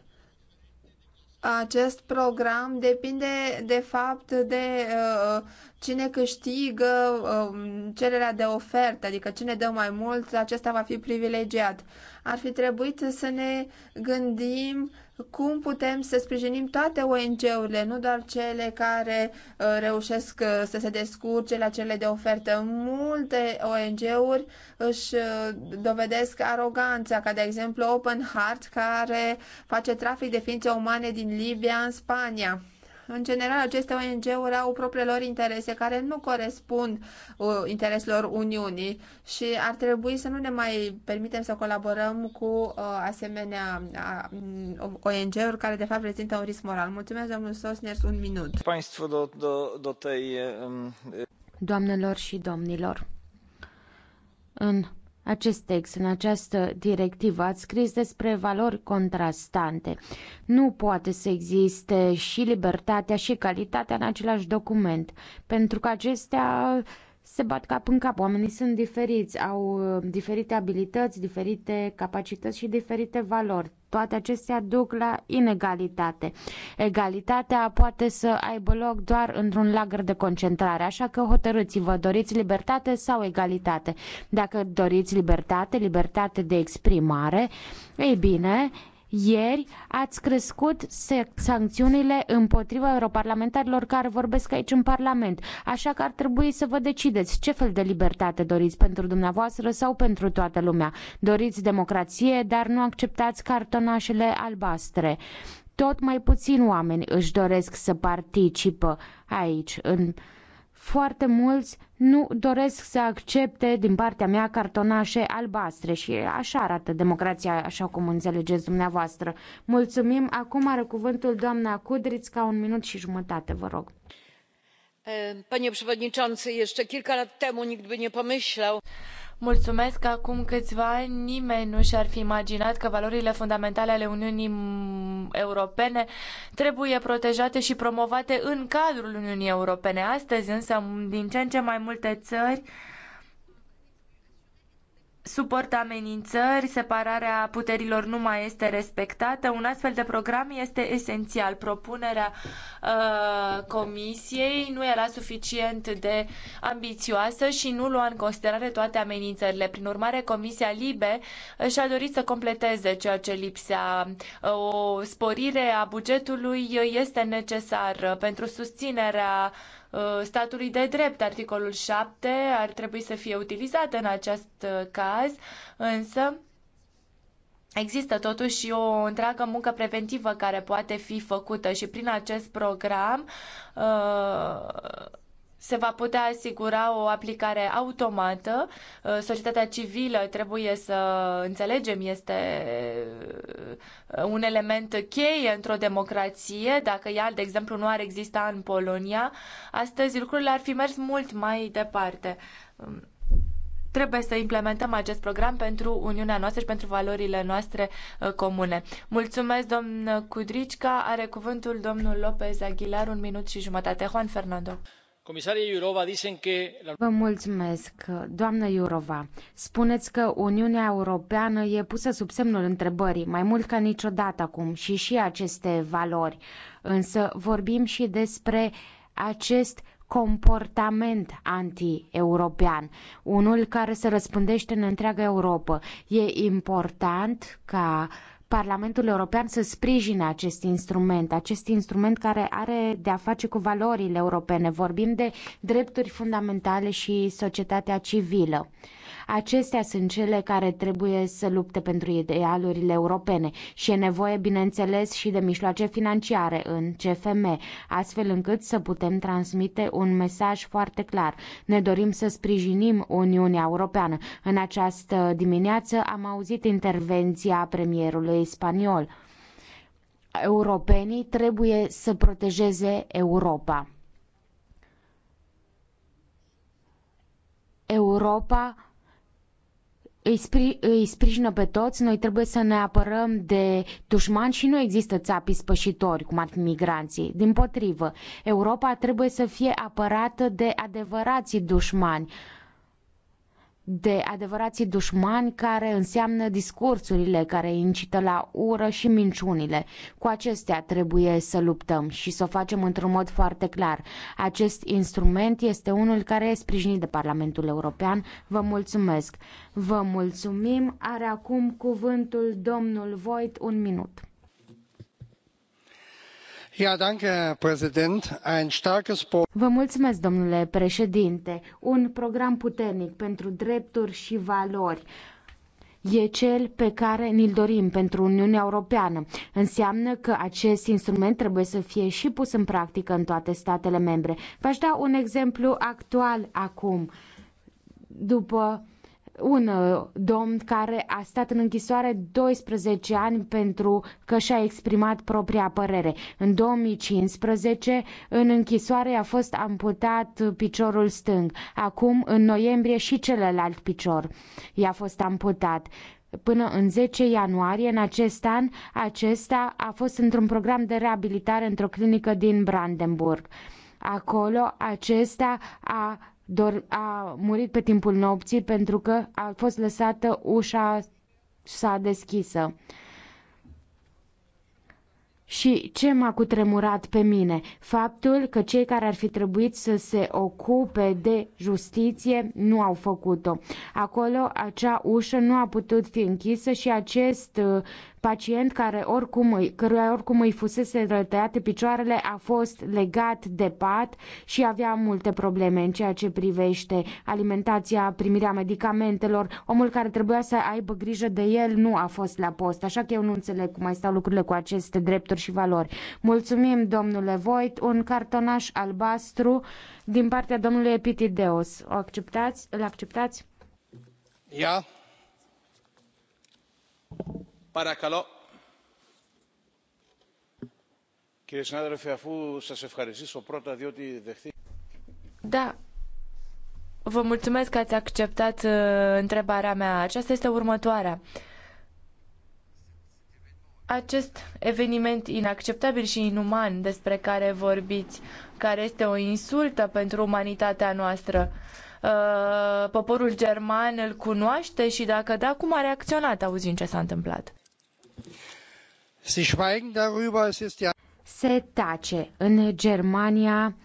acest program depinde de fapt de uh, cine câștigă uh, cererea de ofertă, adică cine dă mai mult, acesta va fi privilegiat ar fi trebuit să ne gândim cum putem să sprijinim toate ONG-urile, nu doar cele care uh, reușesc uh, să se descurce la cele de ofertă. Multe ONG-uri își uh, dovedesc aroganța, ca de exemplu Open Heart, care face trafic de ființe umane din Libia în Spania. În general, aceste ONG-uri au propriile lor interese care nu corespund uh, intereselor Uniunii și ar trebui să nu ne mai permitem să colaborăm cu uh, asemenea uh, mm, ONG-uri care de fapt prezintă un risc moral. Mulțumesc, domnul Sosners, un minut. Doamnelor și domnilor, în acest text, în această directivă, ați scris despre valori contrastante. Nu poate să existe și libertatea și calitatea în același document, pentru că acestea uh, se bat cap în cap. Oamenii sunt diferiți, au uh, diferite abilități, diferite capacități și diferite valori. Toate acestea duc la inegalitate. Egalitatea poate să aibă loc doar într-un lagăr de concentrare, așa că hotărâți-vă, doriți libertate sau egalitate. Dacă doriți libertate, libertate de exprimare, ei bine, ieri ați crescut sancțiunile împotriva europarlamentarilor care vorbesc aici în Parlament, așa că ar trebui să vă decideți ce fel de libertate doriți pentru dumneavoastră sau pentru toată lumea. Doriți democrație, dar nu acceptați cartonașele albastre. Tot mai puțin oameni își doresc să participă aici, în foarte mulți nu doresc să accepte din partea mea cartonașe albastre și așa arată democrația, așa cum înțelegeți dumneavoastră. Mulțumim. Acum are cuvântul doamna Cudriț ca un minut și jumătate, vă rog. Panie przewodniczący, jeszcze kilka lat temu nikt by nie pomyślał. Mulțumesc că acum câțiva ani nimeni nu și-ar fi imaginat că valorile fundamentale ale Uniunii Europene trebuie protejate și promovate în cadrul Uniunii Europene. Astăzi însă, din ce în ce mai multe țări suportă amenințări, separarea puterilor nu mai este respectată. Un astfel de program este esențial. Propunerea uh, comisiei nu era suficient de ambițioasă și nu lua în considerare toate amenințările. Prin urmare, Comisia Libe și-a dorit să completeze ceea ce lipsea. O sporire a bugetului este necesară pentru susținerea uh, Uh, statului de drept. Articolul 7 ar trebui să fie utilizat în acest uh, caz, însă Există totuși o întreagă muncă preventivă care poate fi făcută și prin acest program uh, se va putea asigura o aplicare automată. Uh, societatea civilă, trebuie să înțelegem, este uh, un element cheie într-o democrație. Dacă ea, de exemplu, nu ar exista în Polonia, astăzi lucrurile ar fi mers mult mai departe. Um, trebuie să implementăm acest program pentru Uniunea noastră și pentru valorile noastre uh, comune. Mulțumesc, domn Cudricica. Are cuvântul domnul Lopez Aguilar, un minut și jumătate. Juan Fernando doamnă Iurova. Spuneți că Uniunea Europeană e pusă sub semnul întrebării mai mult ca niciodată acum și și aceste valori. Însă vorbim și despre acest comportament anti-european, unul care se răspândește în întreaga Europa. E important ca uh, Parlamentul European să sprijine acest instrument, acest instrument care are de a face cu valorile europene. Vorbim de drepturi fundamentale și societatea civilă. Acestea sunt cele care trebuie să lupte pentru idealurile europene și e nevoie, bineînțeles, și de mijloace financiare în CFM, astfel încât să putem transmite un mesaj foarte clar. Ne dorim să sprijinim Uniunea Europeană. În această dimineață am auzit intervenția premierului spaniol. Europenii trebuie să protejeze Europa. Europa îi, spri, îi sprijină pe toți, noi trebuie să ne apărăm de dușmani și nu există țapi spășitori, cum ar fi migranții. Din potrivă, Europa trebuie să fie apărată de adevărații dușmani, de adevărații dușmani care înseamnă discursurile care incită la ură și minciunile. Cu acestea trebuie să luptăm și să o facem într-un mod foarte clar. Acest instrument este unul care e sprijinit de Parlamentul European. Vă mulțumesc! Vă mulțumim! Are acum cuvântul domnul Voit un minut. Vă mulțumesc, domnule președinte. Un program puternic pentru drepturi și valori e cel pe care ni-l dorim pentru Uniunea Europeană. Înseamnă că acest instrument trebuie să fie și pus în practică în toate statele membre. V-aș da un exemplu actual acum. După un uh, domn care a stat în închisoare 12 ani pentru că și-a exprimat propria părere. În 2015, în închisoare a fost amputat piciorul stâng. Acum, în noiembrie, și celălalt picior i-a fost amputat. Până în 10 ianuarie în acest an, acesta a fost într-un program de reabilitare într-o clinică din Brandenburg. Acolo, acesta a a murit pe timpul nopții pentru că a fost lăsată ușa s-a deschisă. Și ce m-a cutremurat pe mine? Faptul că cei care ar fi trebuit să se ocupe de justiție nu au făcut-o. Acolo acea ușă nu a putut fi închisă și acest uh, pacient care oricum, căruia oricum îi fusese tăiate picioarele a fost legat de pat și avea multe probleme în ceea ce privește alimentația, primirea medicamentelor. Omul care trebuia să aibă grijă de el nu a fost la post, așa că eu nu înțeleg cum mai stau lucrurile cu aceste drepturi și valori. Mulțumim, domnule Voit, un cartonaș albastru din partea domnului Epitideos. O acceptați? Îl acceptați? Ia. Yeah da vă mulțumesc că ați acceptat uh, întrebarea mea. Aceasta este următoarea. Acest eveniment inacceptabil și inuman despre care vorbiți, care este o insultă pentru umanitatea noastră, uh, poporul german îl cunoaște și dacă da, cum a reacționat auzind ce s-a întâmplat? Se tace. În Germania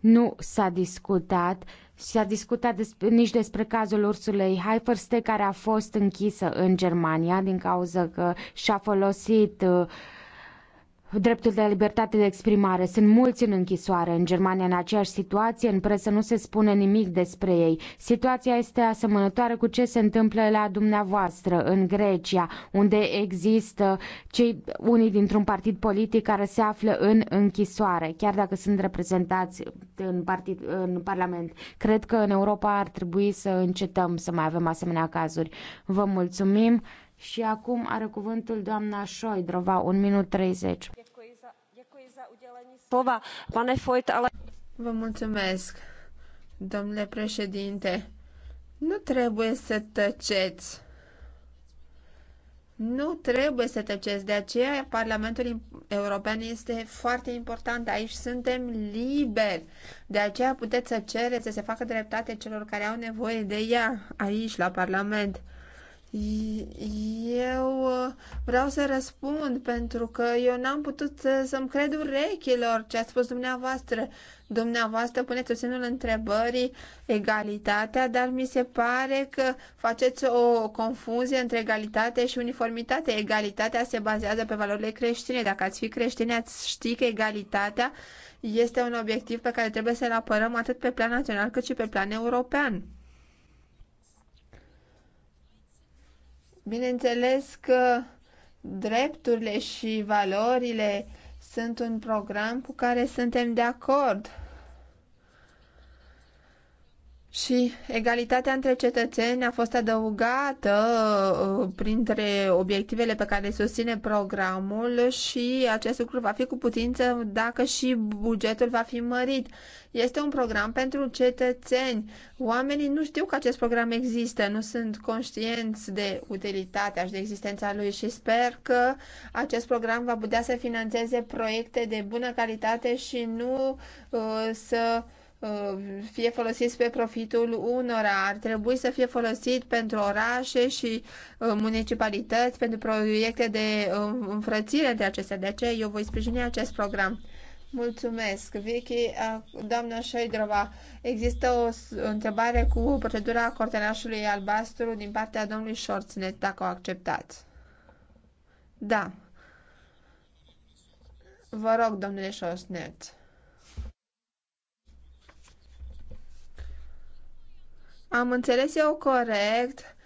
nu s-a discutat S-a discutat despre, nici despre cazul ursulei Haiferste care a fost închisă în Germania din cauza că și-a folosit uh, dreptul de libertate de exprimare. Sunt mulți în închisoare în Germania în aceeași situație, în presă nu se spune nimic despre ei. Situația este asemănătoare cu ce se întâmplă la dumneavoastră în Grecia, unde există cei unii dintr-un partid politic care se află în închisoare, chiar dacă sunt reprezentați în, partid, în Parlament. Cred că în Europa ar trebui să încetăm să mai avem asemenea cazuri. Vă mulțumim! Și acum are cuvântul doamna Șoidrova, un minut 30 slova. Pane Foit, ale... Vă mulțumesc, domnule președinte. Nu trebuie să tăceți. Nu trebuie să tăceți. De aceea Parlamentul European este foarte important. Aici suntem liberi. De aceea puteți să cereți să se facă dreptate celor care au nevoie de ea aici la Parlament. Eu uh, vreau să răspund pentru că eu n-am putut să-mi cred urechilor ce a spus dumneavoastră. Dumneavoastră puneți semnul întrebării egalitatea, dar mi se pare că faceți o confuzie între egalitate și uniformitate. Egalitatea se bazează pe valorile creștine. Dacă ați fi creștini, ați ști că egalitatea este un obiectiv pe care trebuie să-l apărăm atât pe plan național cât și pe plan european. Bineînțeles că drepturile și valorile sunt un program cu care suntem de acord și egalitatea între cetățeni a fost adăugată uh, printre obiectivele pe care le susține programul și acest lucru va fi cu putință dacă și bugetul va fi mărit. Este un program pentru cetățeni. Oamenii nu știu că acest program există, nu sunt conștienți de utilitatea și de existența lui și sper că acest program va putea să financeze proiecte de bună calitate și nu uh, să Uh, fie folosit pe profitul unora, ar trebui să fie folosit pentru orașe și uh, municipalități, pentru proiecte de uh, înfrățire între acestea. De aceea eu voi sprijini acest program. Mulțumesc, Vicky. Doamna Șoidrova, există o întrebare cu procedura cortenașului albastru din partea domnului Șorțnet, dacă o acceptați. Da. Vă rog, domnule Șorțnet. Am înțeles eu corect.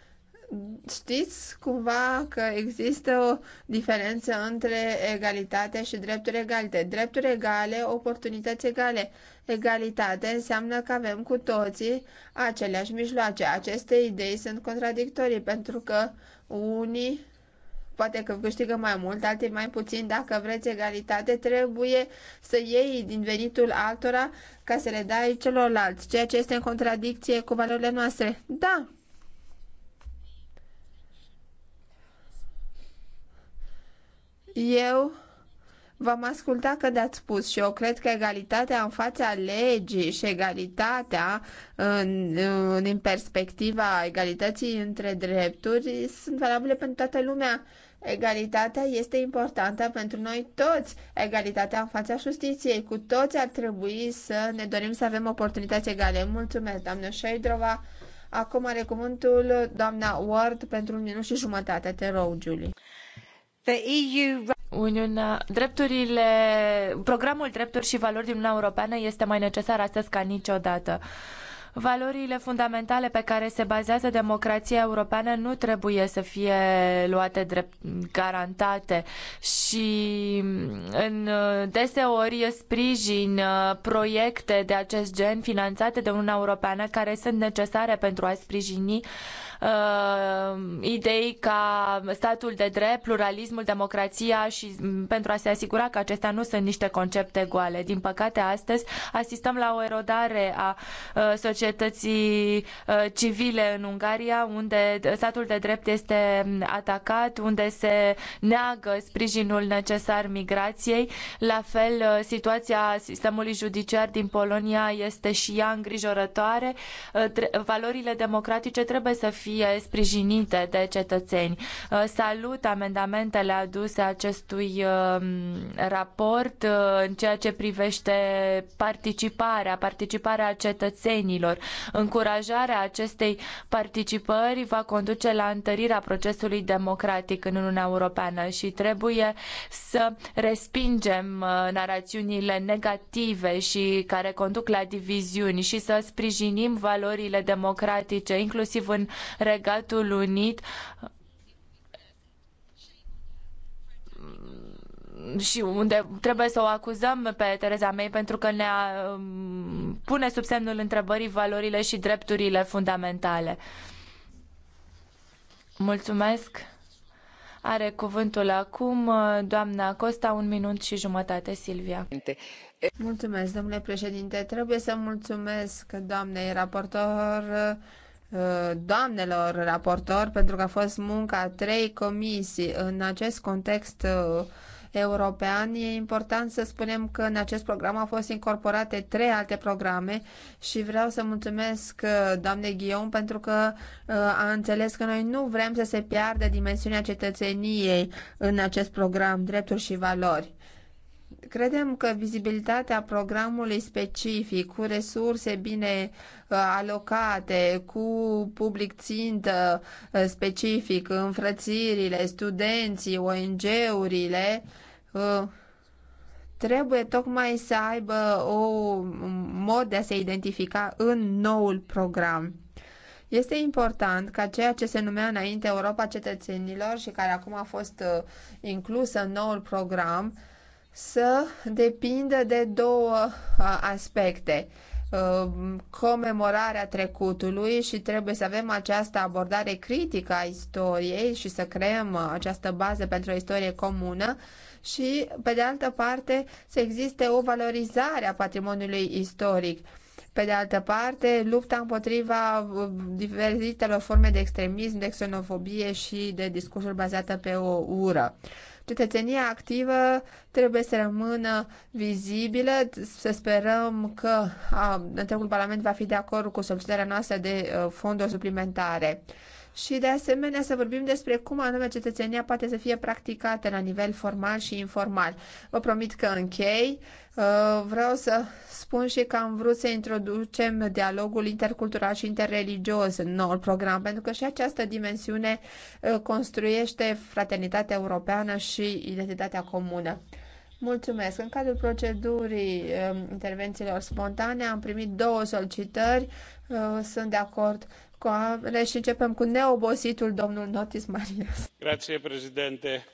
Știți cumva că există o diferență între egalitate și drepturi egale. Drepturi egale, oportunități egale. Egalitate înseamnă că avem cu toții aceleași mijloace. Aceste idei sunt contradictorii pentru că unii poate că câștigă mai mult, alte mai puțin. Dacă vreți egalitate, trebuie să iei din venitul altora ca să le dai celorlalți, ceea ce este în contradicție cu valorile noastre. Da, Eu V-am ascultat că de-ați spus și eu cred că egalitatea în fața legii și egalitatea în, în, perspectiva egalității între drepturi sunt valabile pentru toată lumea. Egalitatea este importantă pentru noi toți. Egalitatea în fața justiției. Cu toți ar trebui să ne dorim să avem oportunități egale. Mulțumesc, doamnă Șoidrova. Acum are cuvântul doamna Ward pentru un minut și jumătate. Te rog, Julie. The EU... Uniunea, drepturile, programul drepturi și valori din Uniunea Europeană este mai necesar astăzi ca niciodată. Valorile fundamentale pe care se bazează democrația europeană nu trebuie să fie luate drept garantate și în deseori sprijin uh, proiecte de acest gen finanțate de Uniunea Europeană care sunt necesare pentru a sprijini uh, uh, idei ca statul de drept, pluralismul, democrația și mm, pentru a se asigura că acestea nu sunt niște concepte goale. Din păcate, astăzi asistăm la o erodare a uh, societății uh, civile în Ungaria, unde statul de drept este mm, atacat, unde se neagă sprijinul necesar migrației. La fel, uh, situația sistemului judiciar din Polonia este și ea îngrijorătoare. Uh, valorile democratice trebuie să fie fie sprijinite de cetățeni. Uh, salut amendamentele aduse acestui um, raport uh, în ceea ce privește participarea, participarea cetățenilor. Încurajarea acestei participări va conduce la întărirea procesului democratic în Uniunea Europeană și trebuie să respingem uh, narațiunile negative și care conduc la diviziuni și să sprijinim valorile democratice, inclusiv în Regatul Unit și unde trebuie să o acuzăm pe Tereza May pentru că ne um, pune sub semnul întrebării valorile și drepturile fundamentale. Mulțumesc. Are cuvântul acum uh, doamna Costa, un minut și jumătate, Silvia. Mulțumesc, domnule președinte. Trebuie să mulțumesc doamnei raportor doamnelor raportor pentru că a fost munca trei comisii. În acest context uh, european e important să spunem că în acest program au fost incorporate trei alte programe și vreau să mulțumesc uh, doamnei Ghion pentru că uh, a înțeles că noi nu vrem să se piardă dimensiunea cetățeniei în acest program drepturi și valori. Credem că vizibilitatea programului specific, cu resurse bine uh, alocate, cu public țintă uh, specific, înfrățirile, studenții, ONG-urile, uh, trebuie tocmai să aibă o mod de a se identifica în noul program. Este important ca ceea ce se numea înainte Europa cetățenilor și care acum a fost inclusă în noul program să depindă de două aspecte comemorarea trecutului și trebuie să avem această abordare critică a istoriei și să creăm această bază pentru o istorie comună și, pe de altă parte, să existe o valorizare a patrimoniului istoric. Pe de altă parte, lupta împotriva diferitelor forme de extremism, de xenofobie și de discursuri bazate pe o ură. Cetățenia activă trebuie să rămână vizibilă. Să sperăm că a, întregul Parlament va fi de acord cu solicitarea noastră de uh, fonduri suplimentare și de asemenea să vorbim despre cum anume cetățenia poate să fie practicată la nivel formal și informal. Vă promit că închei. Uh, vreau să spun și că am vrut să introducem dialogul intercultural și interreligios în noul program, pentru că și această dimensiune uh, construiește fraternitatea europeană și identitatea comună. Mulțumesc. În cadrul procedurii uh, intervențiilor spontane am primit două solicitări. Sunt de acord și începem cu neobositul domnul Notis Marias. Grație, președinte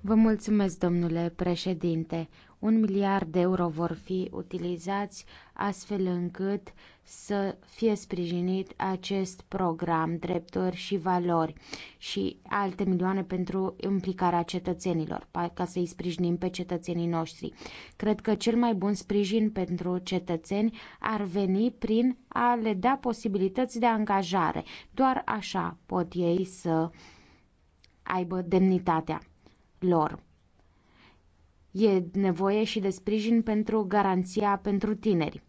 Vă mulțumesc, domnule președinte. Un miliard de euro vor fi utilizați astfel încât să fie sprijinit acest program Drepturi și Valori și alte milioane pentru implicarea cetățenilor, ca să-i sprijinim pe cetățenii noștri. Cred că cel mai bun sprijin pentru cetățeni ar veni prin a le da posibilități de angajare. Doar așa pot ei să aibă demnitatea lor. E nevoie și de sprijin pentru garanția pentru tineri.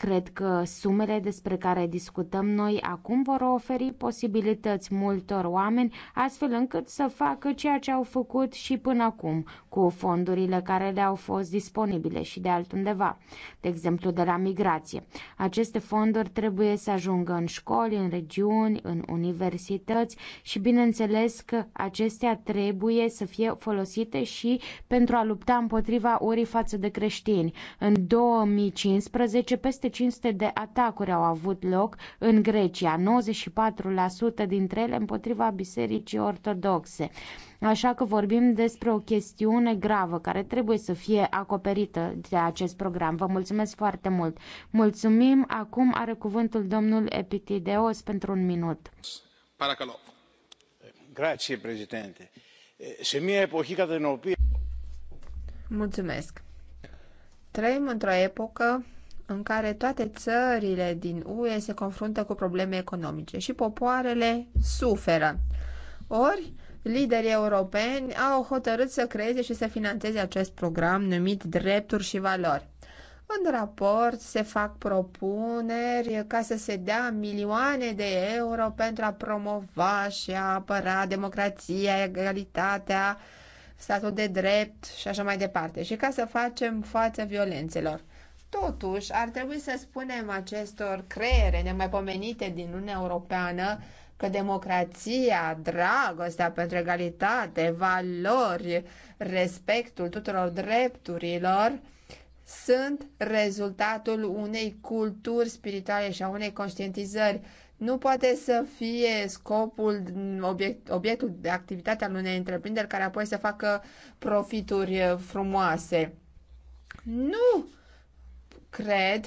Cred că sumele despre care discutăm noi acum vor oferi posibilități multor oameni astfel încât să facă ceea ce au făcut și până acum cu fondurile care le-au fost disponibile și de altundeva, de exemplu de la migrație. Aceste fonduri trebuie să ajungă în școli, în regiuni, în universități și bineînțeles că acestea trebuie să fie folosite și pentru a lupta împotriva urii față de creștini. În 2015 peste 400-500 de atacuri au avut loc în Grecia, 94% dintre ele împotriva Bisericii Ortodoxe. Așa că vorbim despre o chestiune gravă care trebuie să fie acoperită de acest program. Vă mulțumesc foarte mult. Mulțumim. Acum are cuvântul domnul Epitideos pentru un minut. Paracalo. Grazie, președinte. Se mie Mulțumesc. Trăim într-o epocă în care toate țările din UE se confruntă cu probleme economice și popoarele suferă. Ori, liderii europeni au hotărât să creeze și să financeze acest program numit Drepturi și Valori. În raport se fac propuneri ca să se dea milioane de euro pentru a promova și a apăra democrația, egalitatea, statul de drept și așa mai departe, și ca să facem față violențelor. Totuși, ar trebui să spunem acestor creiere nemaipomenite din Uniunea Europeană că democrația, dragostea pentru egalitate, valori, respectul tuturor drepturilor sunt rezultatul unei culturi spirituale și a unei conștientizări. Nu poate să fie scopul, obiect, obiectul de activitate al unei întreprinderi care apoi să facă profituri frumoase. Nu! cred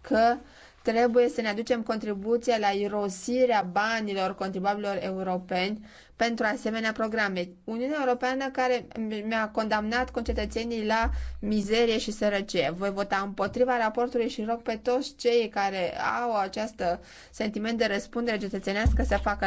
că trebuie să ne aducem contribuția la irosirea banilor contribuabililor europeni pentru asemenea programe. Uniunea Europeană care mi-a condamnat concetățenii la mizerie și sărăcie. Voi vota împotriva raportului și rog pe toți cei care au acest sentiment de răspundere cetățenească să facă la